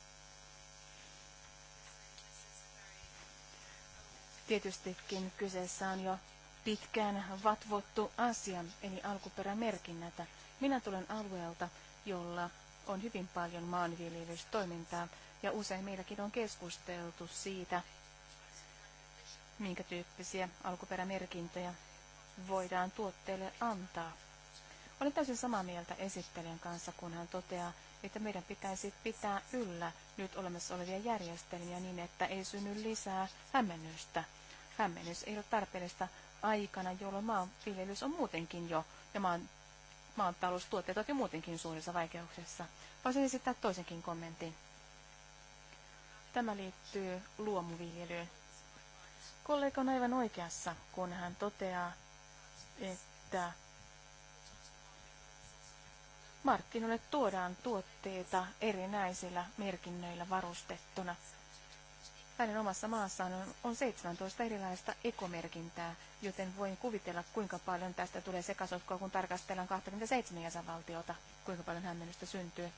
Speaker 1: Tietystikin kyseessä on jo pitkään vatvottu asia, eli alkuperämerkinnätä. Minä tulen alueelta, jolla on hyvin paljon maanviljelystoimintaa, ja usein meilläkin on keskusteltu siitä, minkä tyyppisiä alkuperämerkintöjä voidaan tuotteelle antaa. Olen täysin samaa mieltä esittelijän kanssa, kun hän toteaa, että meidän pitäisi pitää yllä nyt olemassa olevia järjestelmiä niin, että ei synny lisää hämmennystä. Hämmennys ei ole tarpeellista aikana, jolloin maanviljelys on muutenkin jo ja maan, maantaloustuotteet ovat jo muutenkin suurissa vaikeuksissa. Voisin esittää toisenkin kommentin. Tämä liittyy luomuviljelyyn. Kollega on aivan oikeassa, kun hän toteaa, että Markkinoille tuodaan tuotteita erinäisillä merkinnöillä varustettuna. Hänen omassa maassaan on 17 erilaista ekomerkintää, joten voin kuvitella, kuinka paljon tästä tulee sekasotkua, kun tarkastellaan 27 jäsenvaltiota, kuinka paljon hämmennystä syntyy.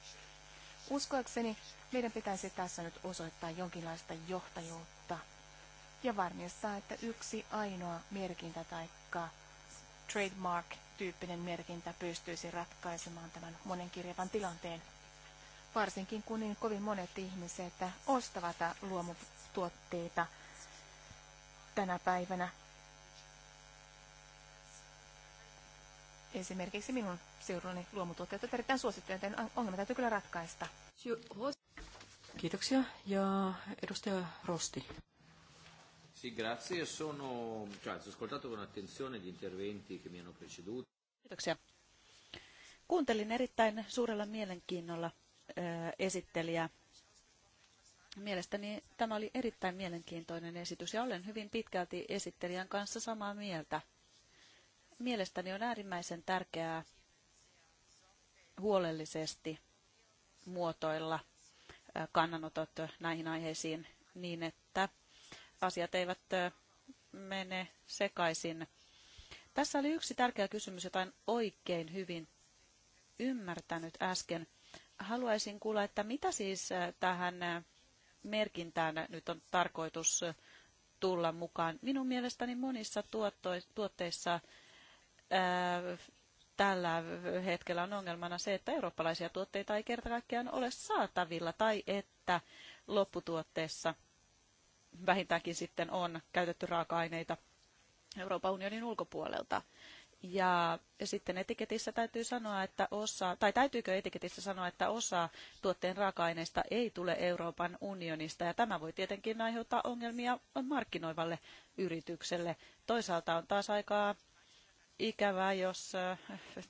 Speaker 1: Uskoakseni meidän pitäisi tässä nyt osoittaa jonkinlaista johtajuutta ja varmistaa, että yksi ainoa merkintä tai trademark tyyppinen merkintä pystyisi ratkaisemaan tämän monenkirjavan tilanteen. Varsinkin kun niin kovin monet ihmiset ostavat luomutuotteita tänä päivänä. Esimerkiksi minun seurallani luomutuotteet ovat erittäin suosittuja, joten ongelma täytyy kyllä ratkaista.
Speaker 2: Kiitoksia. Ja edustaja Rosti.
Speaker 3: Sì, grazie. Sono, cioè, ho ascoltato con attenzione gli interventi che mi hanno preceduto.
Speaker 4: Kiitoksia. Kuuntelin erittäin suurella mielenkiinnolla eh, esittelijää. Mielestäni tämä oli erittäin mielenkiintoinen esitys ja olen hyvin pitkälti esittelijän kanssa samaa mieltä. Mielestäni on äärimmäisen tärkeää huolellisesti muotoilla eh, kannanotot näihin aiheisiin niin, että asiat eivät mene sekaisin. Tässä oli yksi tärkeä kysymys, jota en oikein hyvin ymmärtänyt äsken. Haluaisin kuulla, että mitä siis tähän merkintään nyt on tarkoitus tulla mukaan. Minun mielestäni monissa tuotteissa ää, tällä hetkellä on ongelmana se, että eurooppalaisia tuotteita ei kertakaikkiaan ole saatavilla tai että lopputuotteessa vähintäänkin sitten on käytetty raaka-aineita Euroopan unionin ulkopuolelta. Ja sitten etiketissä täytyy sanoa, että osa, tai täytyykö etiketissä sanoa, että osa tuotteen raaka-aineista ei tule Euroopan unionista, ja tämä voi tietenkin aiheuttaa ongelmia markkinoivalle yritykselle. Toisaalta on taas aikaa ikävää, jos äh,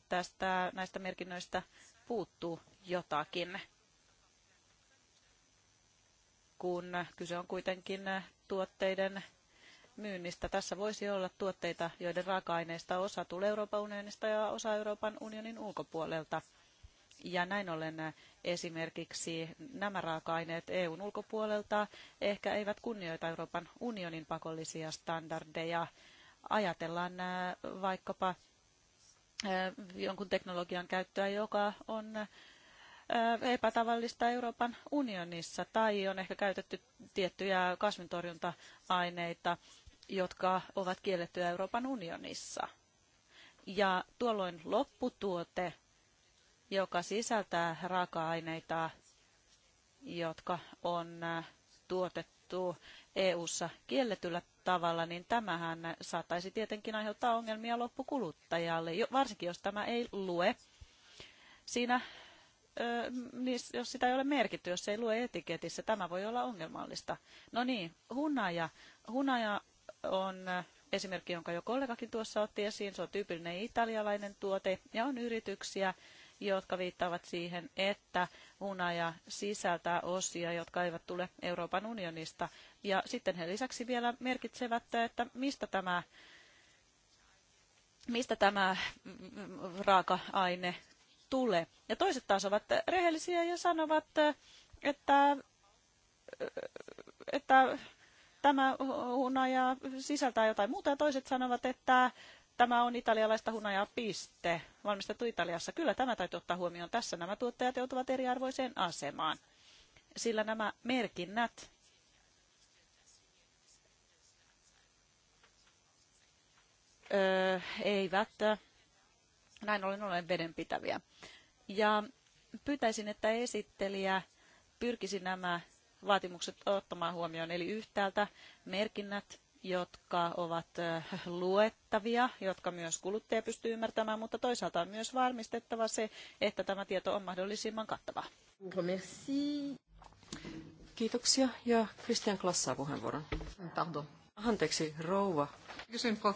Speaker 4: tästä, näistä merkinnöistä puuttuu jotakin kun kyse on kuitenkin tuotteiden myynnistä. Tässä voisi olla tuotteita, joiden raaka-aineista osa tulee Euroopan unionista ja osa Euroopan unionin ulkopuolelta. Ja näin ollen esimerkiksi nämä raaka-aineet EUn ulkopuolelta ehkä eivät kunnioita Euroopan unionin pakollisia standardeja. Ajatellaan äh, vaikkapa äh, jonkun teknologian käyttöä, joka on Äh, epätavallista Euroopan unionissa tai on ehkä käytetty tiettyjä kasvintorjunta-aineita, jotka ovat kiellettyjä Euroopan unionissa. Ja tuolloin lopputuote, joka sisältää raaka-aineita, jotka on äh, tuotettu EU-ssa kielletyllä tavalla, niin tämähän saattaisi tietenkin aiheuttaa ongelmia loppukuluttajalle, varsinkin jos tämä ei lue siinä niin jos sitä ei ole merkitty, jos se ei lue etiketissä, tämä voi olla ongelmallista. No niin, hunaja. Hunaja on esimerkki, jonka jo kollegakin tuossa otti esiin. Se on tyypillinen italialainen tuote ja on yrityksiä, jotka viittaavat siihen, että hunaja sisältää osia, jotka eivät tule Euroopan unionista. Ja sitten he lisäksi vielä merkitsevät, että mistä tämä, mistä tämä raaka-aine tule. Ja toiset taas ovat rehellisiä ja sanovat, että, että tämä hunaja sisältää jotain muuta ja toiset sanovat, että tämä on italialaista hunajaa piste, valmistettu Italiassa. Kyllä tämä täytyy ottaa huomioon. Tässä nämä tuottajat joutuvat eriarvoiseen asemaan, sillä nämä merkinnät öö, eivät näin ollen olen vedenpitäviä. Ja pyytäisin, että esittelijä pyrkisi nämä vaatimukset ottamaan huomioon, eli yhtäältä merkinnät, jotka ovat luettavia, jotka myös kuluttaja pystyy ymmärtämään, mutta toisaalta on myös varmistettava se, että tämä tieto on mahdollisimman kattava.
Speaker 2: Merci. Kiitoksia ja Christian Klassaa puheenvuoron. Pardon. Anteeksi, rouva. Kysyn, Frau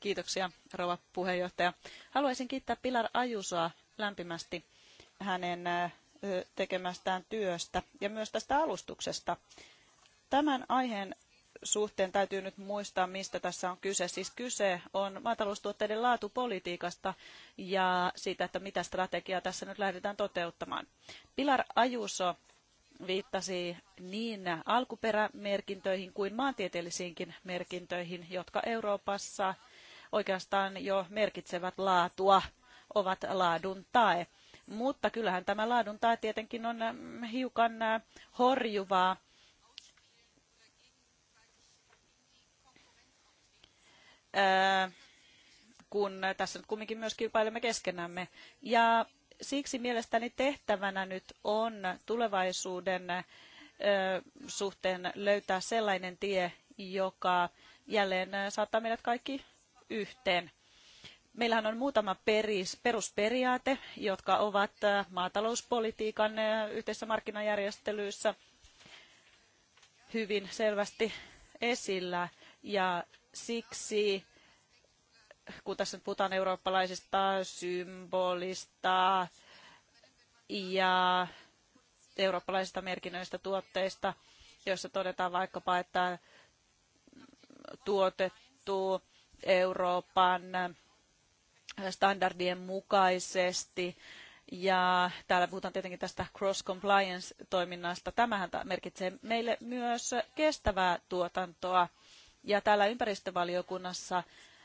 Speaker 2: Kiitoksia, rouva puheenjohtaja.
Speaker 4: Haluaisin kiittää Pilar Ajusoa lämpimästi hänen tekemästään työstä ja myös tästä alustuksesta. Tämän aiheen suhteen täytyy nyt muistaa, mistä tässä on kyse. Siis kyse on maataloustuotteiden laatupolitiikasta ja siitä, että mitä strategiaa tässä nyt lähdetään toteuttamaan. Pilar Ajuso viittasi niin alkuperämerkintöihin kuin maantieteellisiinkin merkintöihin, jotka Euroopassa – oikeastaan jo merkitsevät laatua, ovat laadun tae. Mutta kyllähän tämä laadun tae tietenkin on hiukan horjuvaa. kun tässä nyt kumminkin myös kilpailemme keskenämme. Ja siksi mielestäni tehtävänä nyt on tulevaisuuden suhteen löytää sellainen tie, joka jälleen saattaa meidät kaikki yhteen. Meillähän on muutama peris, perusperiaate, jotka ovat äh, maatalouspolitiikan äh, yhteisessä markkinajärjestelyissä hyvin selvästi esillä. Ja siksi, kun tässä puhutaan eurooppalaisista symbolista ja eurooppalaisista merkinnöistä tuotteista, joissa todetaan vaikkapa, että tuotettu Euroopan äh, standardien mukaisesti. Ja täällä puhutaan tietenkin tästä cross-compliance-toiminnasta. Tämähän merkitsee meille myös kestävää tuotantoa. Ja täällä ympäristövaliokunnassa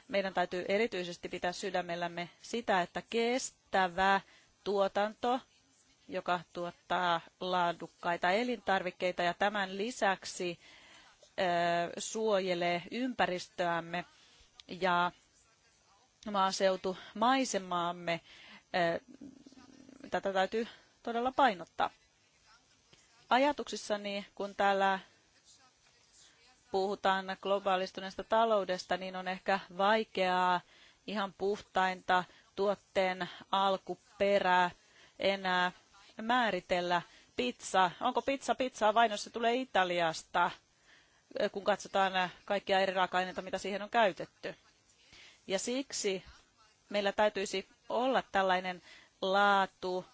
Speaker 4: meidän täytyy erityisesti pitää sydämellämme sitä, että kestävä tuotanto, joka tuottaa laadukkaita elintarvikkeita ja tämän lisäksi suojelee ympäristöämme, ja maaseutumaisemaamme. Tätä täytyy todella painottaa. Ajatuksissani, kun täällä puhutaan globaalistuneesta taloudesta, niin on ehkä vaikeaa ihan puhtainta tuotteen alkuperää enää määritellä. Pizza, onko pizza pizzaa vain jos se tulee Italiasta? Eh, kun katsotaan eh, kaikkia eri raaka-aineita, mitä siihen on käytetty. Ja siksi meillä täytyisi olla tällainen laatu,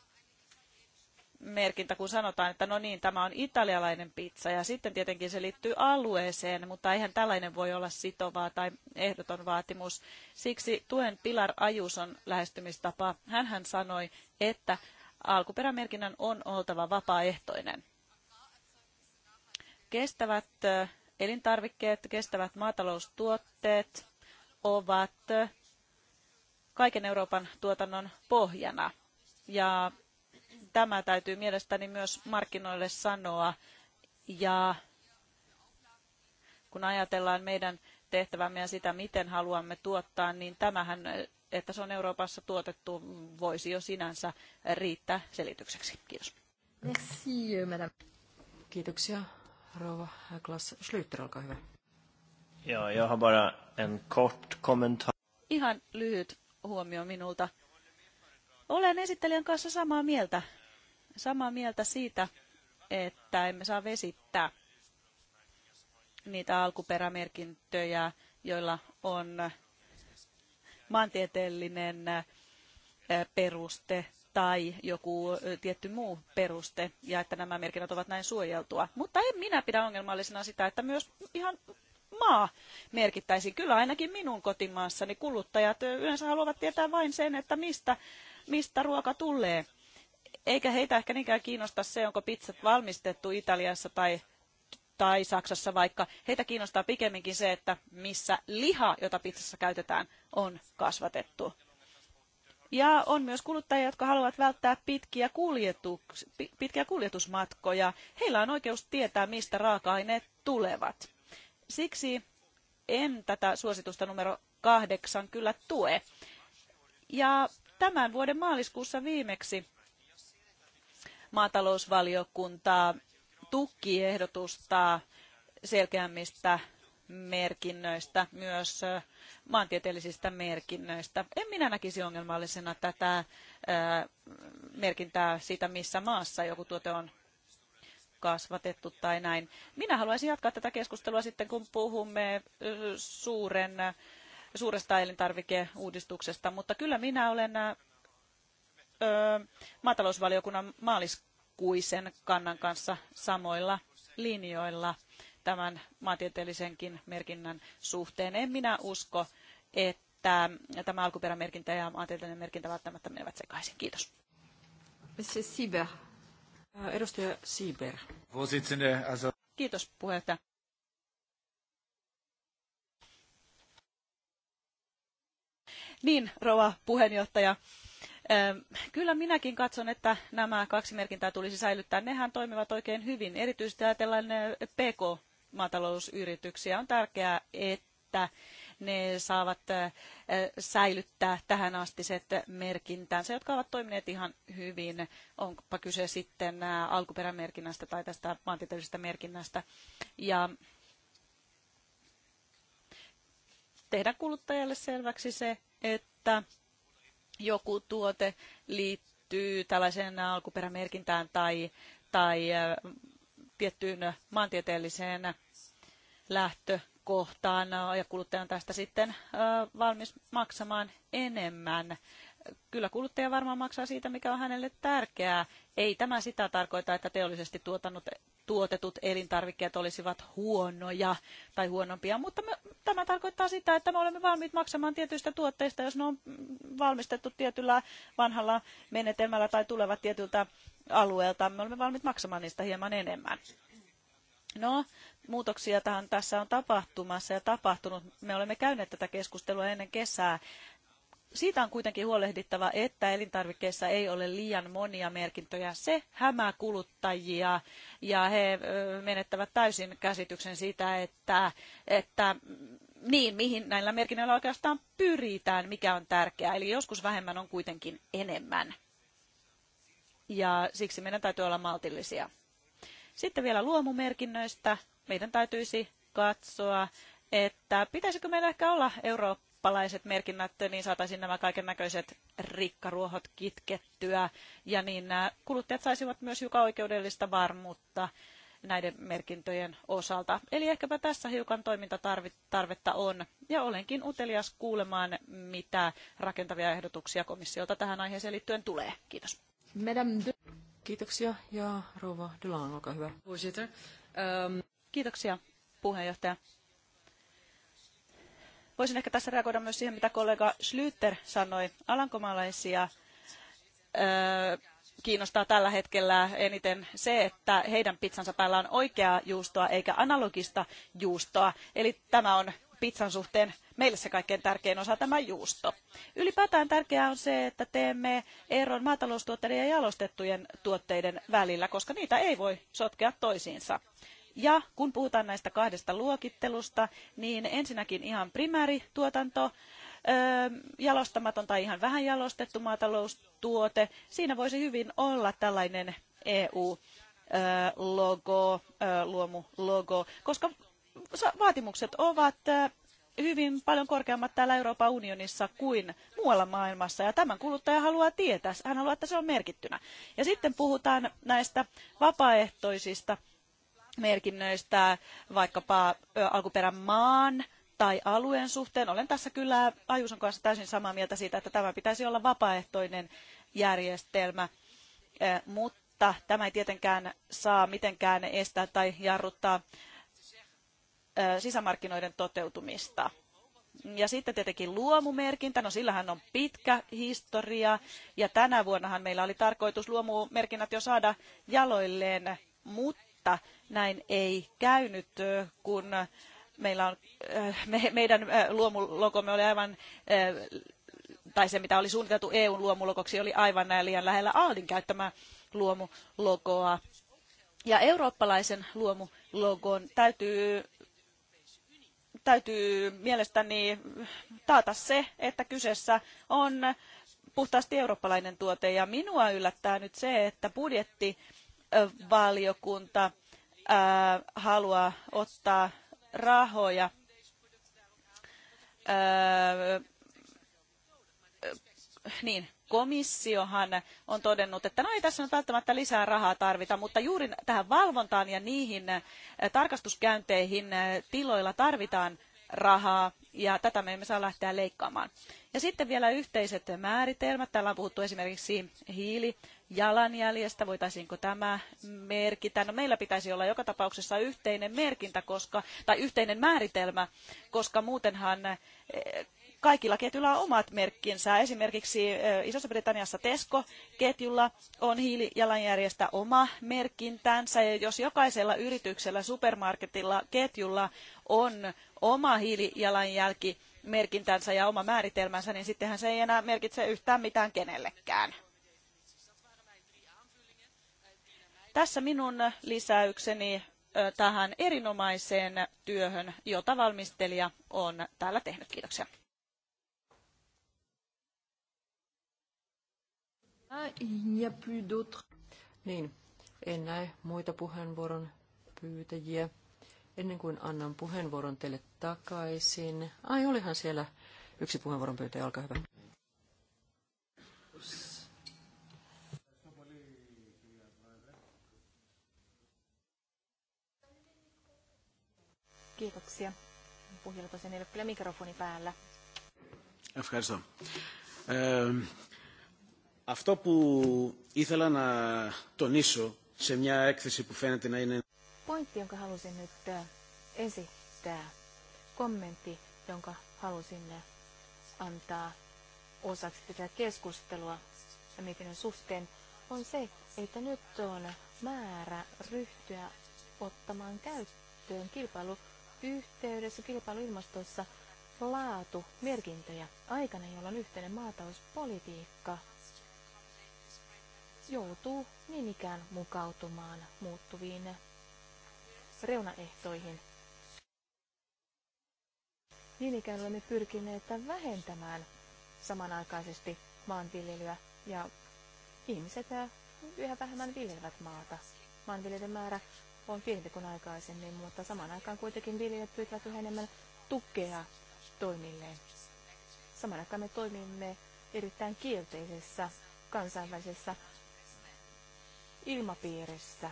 Speaker 4: merkintä, kun sanotaan, että no niin, tämä on italialainen pizza ja sitten tietenkin se liittyy alueeseen, mutta eihän tällainen voi olla sitovaa tai ehdoton vaatimus. Siksi tuen Pilar Ajuson lähestymistapa. hän sanoi, että alkuperämerkinnän on oltava vapaaehtoinen. Kestävät eh, elintarvikkeet, kestävät maataloustuotteet ovat kaiken Euroopan tuotannon pohjana. Ja tämä täytyy mielestäni myös markkinoille sanoa. Ja kun ajatellaan meidän tehtävämme ja sitä, miten haluamme tuottaa, niin tämähän, että se on Euroopassa tuotettu, voisi jo sinänsä riittää selitykseksi. Kiitos.
Speaker 2: Merci, madame. Kiitoksia, Rova Klas Schlüter, olkaa hyvä.
Speaker 3: Joo, jag har bara en kort kommentar.
Speaker 2: Ihan
Speaker 4: lyhyt huomio minulta. Olen esittelijän kanssa samaa mieltä. Samaa mieltä siitä, että emme saa vesittää niitä alkuperämerkintöjä, joilla on maantieteellinen eh, peruste tai joku tietty muu peruste ja että nämä merkinnät ovat näin suojeltua. Mutta en minä pidä ongelmallisena sitä, että myös ihan maa merkittäisiin. Kyllä ainakin minun kotimaassani kuluttajat yleensä haluavat tietää vain sen, että mistä, mistä ruoka tulee. Eikä heitä ehkä niinkään kiinnosta se, onko pizzat valmistettu Italiassa tai tai Saksassa vaikka. Heitä kiinnostaa pikemminkin se, että missä liha, jota pizzassa käytetään, on kasvatettu. Ja on myös kuluttajia, jotka haluavat välttää pitkiä, pitkiä kuljetusmatkoja. Heillä on oikeus tietää, mistä raaka-aineet tulevat. Siksi en tätä suositusta numero kahdeksan kyllä tue. Ja tämän vuoden maaliskuussa viimeksi maatalousvaliokunta tuki ehdotusta selkeämmistä merkinnöistä, myös maantieteellisistä merkinnöistä. En minä näkisi ongelmallisena tätä merkintää siitä, missä maassa joku tuote on kasvatettu tai näin. Minä haluaisin jatkaa tätä keskustelua sitten, kun puhumme suuren, suuresta elintarvikeuudistuksesta, mutta kyllä minä olen ö, maatalousvaliokunnan maaliskuisen kannan kanssa samoilla linjoilla tämän maantieteellisenkin merkinnän suhteen. En minä usko, että tämä alkuperämerkintä ja maantieteellinen merkintä välttämättä menevät sekaisin. Kiitos. Äh, edustaja Sieber. Kiitos puheenjohtaja. Niin, rouva puheenjohtaja. Ähm, kyllä minäkin katson, että nämä kaksi merkintää tulisi säilyttää. Nehän toimivat oikein hyvin, erityisesti ajatellaan äh, pk maatalousyrityksiä. On tärkeää, että ne saavat säilyttää tähän astiset merkintänsä, jotka ovat toimineet ihan hyvin, onpa kyse sitten alkuperämerkinnästä tai tästä maantieteellisestä merkinnästä. Ja tehdä kuluttajalle selväksi se, että joku tuote liittyy tällaiseen alkuperämerkintään tai, tai tiettyyn maantieteelliseen lähtökohtaan äh, ja kuluttaja on tästä sitten äh, valmis maksamaan enemmän. Kyllä kuluttaja varmaan maksaa siitä, mikä on hänelle tärkeää. Ei tämä sitä tarkoita, että teollisesti tuotannut, tuotetut elintarvikkeet olisivat huonoja tai huonompia, mutta me, tämä tarkoittaa sitä, että me olemme valmiit maksamaan tietyistä tuotteista, jos ne on valmistettu tietyllä vanhalla menetelmällä tai tulevat tietyltä alueelta. Me olemme valmiit maksamaan niistä hieman enemmän. No, muutoksia tähän tässä on tapahtumassa ja tapahtunut. Me olemme käyneet tätä keskustelua ennen kesää. Siitä on kuitenkin huolehdittava, että elintarvikkeissa ei ole liian monia merkintöjä. Se hämää kuluttajia ja he menettävät täysin käsityksen siitä, että, että niin, mihin näillä merkinnöillä oikeastaan pyritään, mikä on tärkeää. Eli joskus vähemmän on kuitenkin enemmän ja siksi meidän täytyy olla maltillisia. Sitten vielä luomumerkinnöistä. Meidän täytyisi katsoa, että pitäisikö meillä ehkä olla eurooppalaiset merkinnät, niin saataisiin nämä kaiken näköiset rikkaruohot kitkettyä ja niin nämä äh, kuluttajat saisivat myös hiukan oikeudellista varmuutta näiden merkintöjen osalta. Eli ehkäpä tässä hiukan toimintatarvetta on, ja olenkin utelias kuulemaan, mitä rakentavia ehdotuksia komissiolta tähän aiheeseen liittyen tulee. Kiitos. Madame
Speaker 2: de... Kiitoksia ja rouva Dylan, olkaa hyvä.
Speaker 4: Ehm, kiitoksia puheenjohtaja. Voisin ehkä tässä reagoida myös siihen, mitä kollega Schlüter sanoi. Alankomaalaisia ehm, kiinnostaa tällä hetkellä eniten se, että heidän pizzansa päällä on oikeaa juustoa eikä analogista juustoa. Eli tämä on pizzan suhteen meille se kaikkein tärkein osa tämä juusto. Ylipäätään tärkeää on se, että teemme eron maataloustuotteiden ja jalostettujen tuotteiden välillä, koska niitä ei voi sotkea toisiinsa. Ja kun puhutaan näistä kahdesta luokittelusta, niin ensinnäkin ihan primäärituotanto, jalostamaton tai ihan vähän jalostettu maataloustuote, siinä voisi hyvin olla tällainen EU logo, luomu logo, koska vaatimukset ovat äh, hyvin paljon korkeammat täällä Euroopan unionissa kuin muualla maailmassa. Ja tämän kuluttaja haluaa tietää. Hän haluaa, että se on merkittynä. Ja sitten puhutaan näistä vapaaehtoisista merkinnöistä, vaikkapa alkuperän maan tai alueen suhteen. Olen tässä kyllä Ajuson kanssa täysin samaa mieltä siitä, että tämä pitäisi olla vapaaehtoinen järjestelmä, mutta tämä ei tietenkään saa mitenkään estää tai jarruttaa sisämarkkinoiden toteutumista. Ja sitten tietenkin luomumerkintä, no sillähän on pitkä historia ja tänä vuonnahan meillä oli tarkoitus luomumerkinnät jo saada jaloilleen, mutta näin ei käynyt, kun meillä on, me, meidän luomulokomme oli aivan tai se mitä oli suunniteltu EUn luomulokoksi oli aivan näin liian lähellä Aldin käyttämää luomulogoa. Ja eurooppalaisen luomulogon täytyy täytyy mielestäni taata se, että kyseessä on puhtaasti eurooppalainen tuote. Ja minua yllättää nyt se, että budjettivaliokunta haluaa ottaa rahoja niin, komissiohan on todennut, että no ei tässä nyt välttämättä lisää rahaa tarvita, mutta juuri tähän valvontaan ja niihin äh, tarkastuskäynteihin äh, tiloilla tarvitaan rahaa ja tätä me emme saa lähteä leikkaamaan. Ja sitten vielä yhteiset määritelmät. Täällä on puhuttu esimerkiksi hiilijalanjäljestä. Voitaisiinko tämä merkitä? No meillä pitäisi olla joka tapauksessa yhteinen merkintä koska, tai yhteinen määritelmä, koska muutenhan kaikilla ketjuilla on omat merkkinsä. Esimerkiksi Isossa Britanniassa Tesco-ketjulla on hiilijalanjärjestä oma merkintänsä. Ja jos jokaisella yrityksellä, supermarketilla, ketjulla on oma hiilijalanjälki, merkintänsä ja oma määritelmänsä, niin sittenhän se ei enää merkitse yhtään mitään kenellekään. Tässä minun lisäykseni tähän erinomaiseen työhön, jota valmistelija on täällä tehnyt. Kiitoksia.
Speaker 2: Ah, niin, en näe muita puheenvuoron pyytäjiä. Ennen kuin annan puheenvuoron teille takaisin. Ai, olihan siellä yksi puheenvuoron pyytäjä, olkaa hyvä.
Speaker 1: Kiitoksia. puhjelta sen ei ole kyllä mikrofoni päällä.
Speaker 3: Ευχαριστώ. Αυτό που ήθελα να τονίσω σε μια έκθεση που fännete näin.
Speaker 1: Pointti, jonka halusin nyt äh, esittää, kommentti, jonka halusin äh, antaa osaksi tätä keskustelua ja mietinnön suhteen, on se, että nyt on määrä ryhtyä ottamaan käyttöön kilpailuyhteydessä, kilpailuilmastossa laatu merkintöjä aikana, jolloin yhteinen maatauspolitiikka joutuu niin ikään mukautumaan muuttuviin reunaehtoihin. Niin ikään olemme pyrkineet vähentämään samanaikaisesti maanviljelyä ja ihmiset yhä vähemmän viljelevät maata. Maanviljelyn määrä on pienempi kuin aikaisemmin, mutta samaan aikaan kuitenkin viljelijät pyytävät yhä enemmän tukea toimilleen. Samaan aikaan me toimimme erittäin kielteisessä kansainvälisessä ilmapiirissä.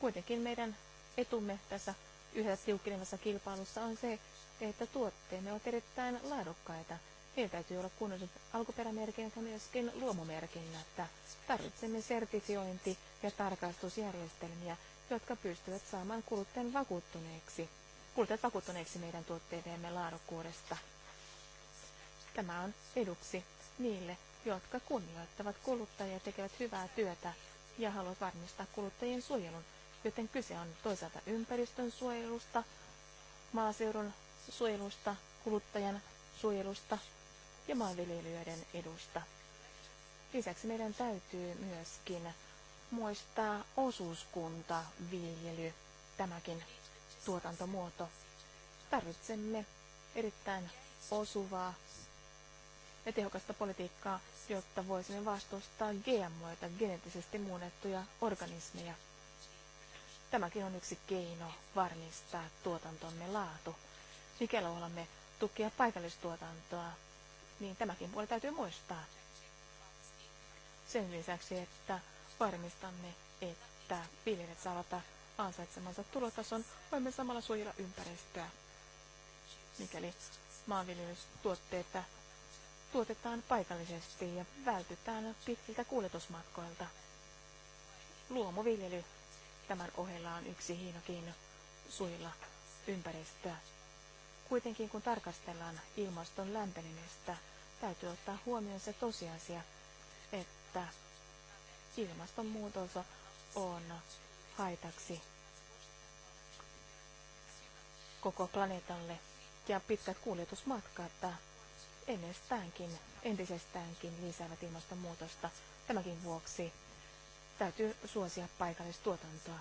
Speaker 1: Kuitenkin meidän etumme tässä yhä tiukkenevassa kilpailussa on se, että tuotteemme ovat erittäin laadukkaita. Meillä täytyy olla kunnolliset alkuperämerkinnät ja myöskin luomumerkinnät. Tarvitsemme sertifiointi- ja tarkastusjärjestelmiä, jotka pystyvät saamaan kuluttajan vakuuttuneeksi. Kuluttajat vakuuttuneeksi meidän tuotteidemme laadukkuudesta. Tämä on eduksi niille, jotka kunnioittavat kuluttajia ja tekevät hyvää työtä ja haluavat varmistaa kuluttajien suojelun, joten kyse on toisaalta ympäristön suojelusta, maaseudun suojelusta, kuluttajan suojelusta ja maanviljelijöiden edusta. Lisäksi meidän täytyy myöskin muistaa osuuskunta, viljely, tämäkin tuotantomuoto. Tarvitsemme erittäin osuvaa ja tehokasta politiikkaa, jotta voisimme vastustaa GMOita, geneettisesti muunnettuja organismeja. Tämäkin on yksi keino varmistaa tuotantomme laatu. Mikäli olemme tukea paikallistuotantoa, niin tämäkin puoli täytyy muistaa. Sen lisäksi, että varmistamme, että viljelijät saavat ansaitsemansa tulotason, voimme samalla suojella ympäristöä. Mikäli maanviljelystuotteita tuotetaan paikallisesti ja vältytään pitkiltä kuljetusmatkoilta. Luomuviljely tämän ohella on yksi hiinokin suilla ympäristöä. Kuitenkin kun tarkastellaan ilmaston lämpenemistä, täytyy ottaa huomioon se tosiasia, että ilmastonmuutos on haitaksi koko planeetalle ja pitkät kuljetusmatkat ennestäänkin, entisestäänkin lisäävät ilmastonmuutosta. Tämäkin vuoksi täytyy suosia paikallistuotantoa.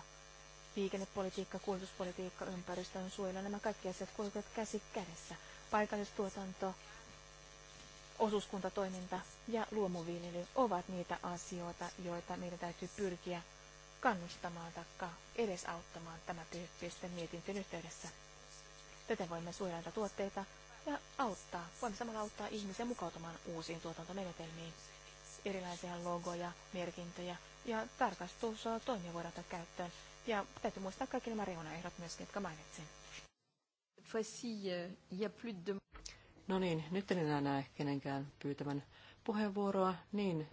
Speaker 1: Liikennepolitiikka, kuljetuspolitiikka, ympäristön suojelu, nämä kaikki asiat kulkevat käsi kädessä. Paikallistuotanto, osuuskuntatoiminta ja luomuviljely ovat niitä asioita, joita meidän täytyy pyrkiä kannustamaan tai edesauttamaan tämä tyyppisten mietintöjen yhteydessä. Tätä voimme suojata tuotteita, ja auttaa. Voimme samalla auttaa ihmisiä mukautumaan uusiin tuotantomenetelmiin, erilaisia logoja, merkintöjä ja tarkastus toimia voidaan ottaa käyttöön. Ja täytyy muistaa kaikki nämä reunaehdot myöskin, jotka mainitsin.
Speaker 2: Eh, no niin, nyt en enää näe kenenkään pyytävän puheenvuoroa. Niin,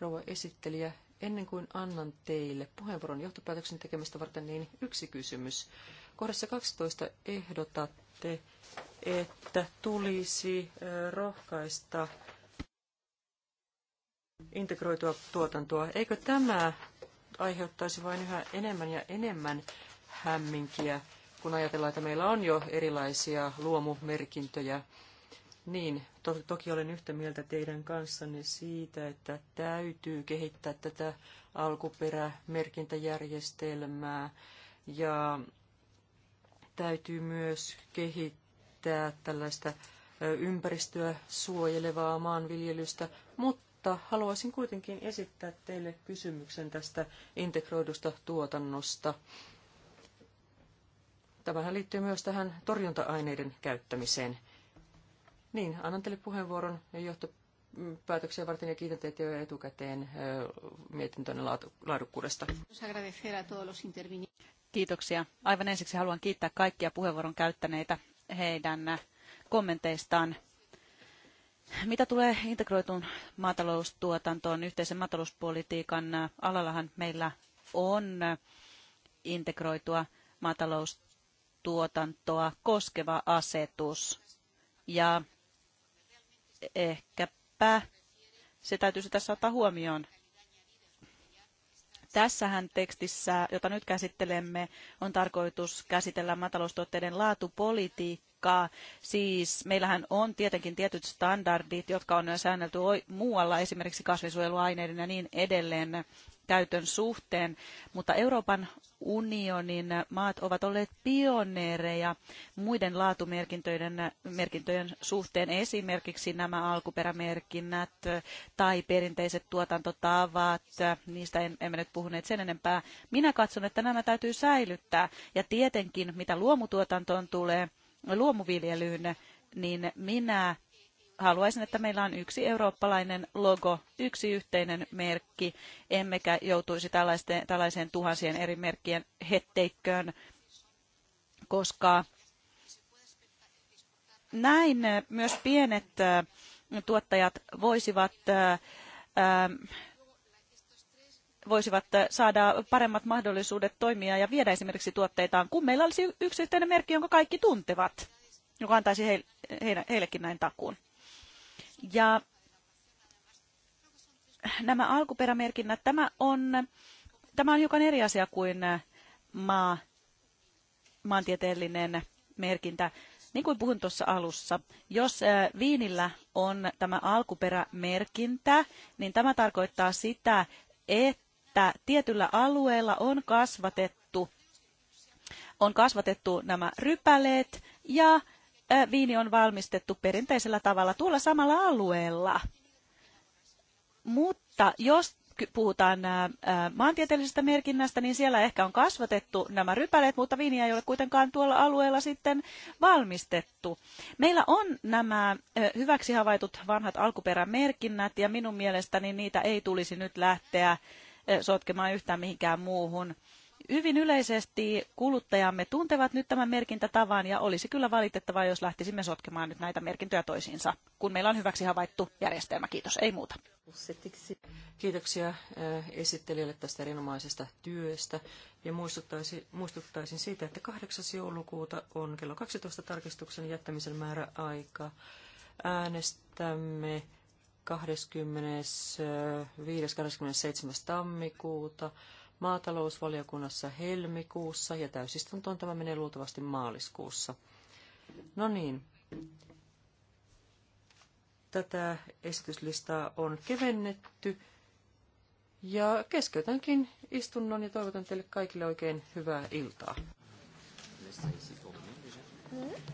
Speaker 2: rouva esittelijä, ennen kuin annan teille puheenvuoron johtopäätöksen tekemistä varten, niin yksi kysymys. Kohdassa 12 ehdotatte, että tulisi rohkaista integroitua tuotantoa. Eikö tämä aiheuttaisi vain yhä enemmän ja enemmän hämminkiä, kun ajatellaan, että meillä on jo erilaisia luomumerkintöjä? Niin, to- toki olen yhtä mieltä teidän kanssanne siitä, että täytyy kehittää tätä alkuperämerkintäjärjestelmää ja täytyy myös kehittää kehittää tällaista ympäristöä suojelevaa maanviljelystä, mutta haluaisin kuitenkin esittää teille kysymyksen tästä integroidusta tuotannosta. Tämähän liittyy myös tähän torjunta-aineiden käyttämiseen. Niin, annan teille puheenvuoron johtopäätöksiä varten ja kiitän teitä jo etukäteen mietintönne laadukkuudesta. Kiitoksia. Aivan ensiksi haluan kiittää kaikkia puheenvuoron käyttäneitä
Speaker 4: heidän kommenteistaan. Mitä tulee integroitun maataloustuotantoon, yhteisen maatalouspolitiikan alallahan meillä on integroitua maataloustuotantoa koskeva asetus. Ja ehkäpä se täytyisi tässä ottaa huomioon. Tässähän tekstissä, jota nyt käsittelemme, on tarkoitus käsitellä maataloustuotteiden laatupolitiikkaa aikaa. Siis meillähän on tietenkin tietyt standardit, jotka on säännelty muualla, esimerkiksi kasvinsuojeluaineiden ja niin edelleen käytön suhteen, mutta Euroopan unionin maat ovat olleet pioneereja muiden laatumerkintöjen merkintöjen suhteen, esimerkiksi nämä alkuperämerkinnät tai perinteiset tuotantotavat, niistä emme nyt puhuneet sen enempää. Minä katson, että nämä täytyy säilyttää ja tietenkin mitä luomutuotantoon tulee, luomuviljelyyn, niin minä haluaisin, että meillä on yksi eurooppalainen logo, yksi yhteinen merkki, emmekä joutuisi tällaiseen tuhansien eri merkkien hetteikköön, koska näin myös pienet tuottajat voisivat voisivat eh, saada paremmat mahdollisuudet toimia ja viedä esimerkiksi tuotteitaan, kun meillä olisi yksi yhteinen merkki, jonka kaikki tuntevat, joka antaisi heille, heillekin näin takuun. Ja nämä alkuperämerkinnät, tämä on, tämä on hiukan eri asia kuin eh, maa, maantieteellinen merkintä. Niin kuin puhun tuossa alussa, jos eh, viinillä on tämä alkuperämerkintä, niin tämä tarkoittaa sitä, että että tietyllä alueella on kasvatettu, on kasvatettu nämä rypäleet ja viini on valmistettu perinteisellä tavalla tuolla samalla alueella. Mutta jos puhutaan maantieteellisestä merkinnästä, niin siellä ehkä on kasvatettu nämä rypäleet, mutta viiniä ei ole kuitenkaan tuolla alueella sitten valmistettu. Meillä on nämä hyväksi havaitut vanhat alkuperämerkinnät ja minun mielestäni niitä ei tulisi nyt lähteä sotkemaan yhtään mihinkään muuhun. Hyvin yleisesti kuluttajamme tuntevat nyt tämän merkintätavan ja olisi kyllä valitettavaa, jos lähtisimme sotkemaan nyt näitä merkintöjä toisiinsa, kun meillä on hyväksi havaittu järjestelmä. Kiitos, ei
Speaker 2: muuta. Kiitoksia esittelijälle tästä erinomaisesta työstä ja muistuttaisin, muistuttaisin siitä, että 8. joulukuuta on kello 12 tarkistuksen jättämisen määräaika. Äänestämme 25.–27. Eh, tammikuuta, maatalousvaliokunnassa helmikuussa ja täysistuntoon tämä menee luultavasti maaliskuussa. No niin, tätä esityslistaa on kevennetty ja keskeytänkin istunnon ja toivotan teille kaikille oikein hyvää iltaa.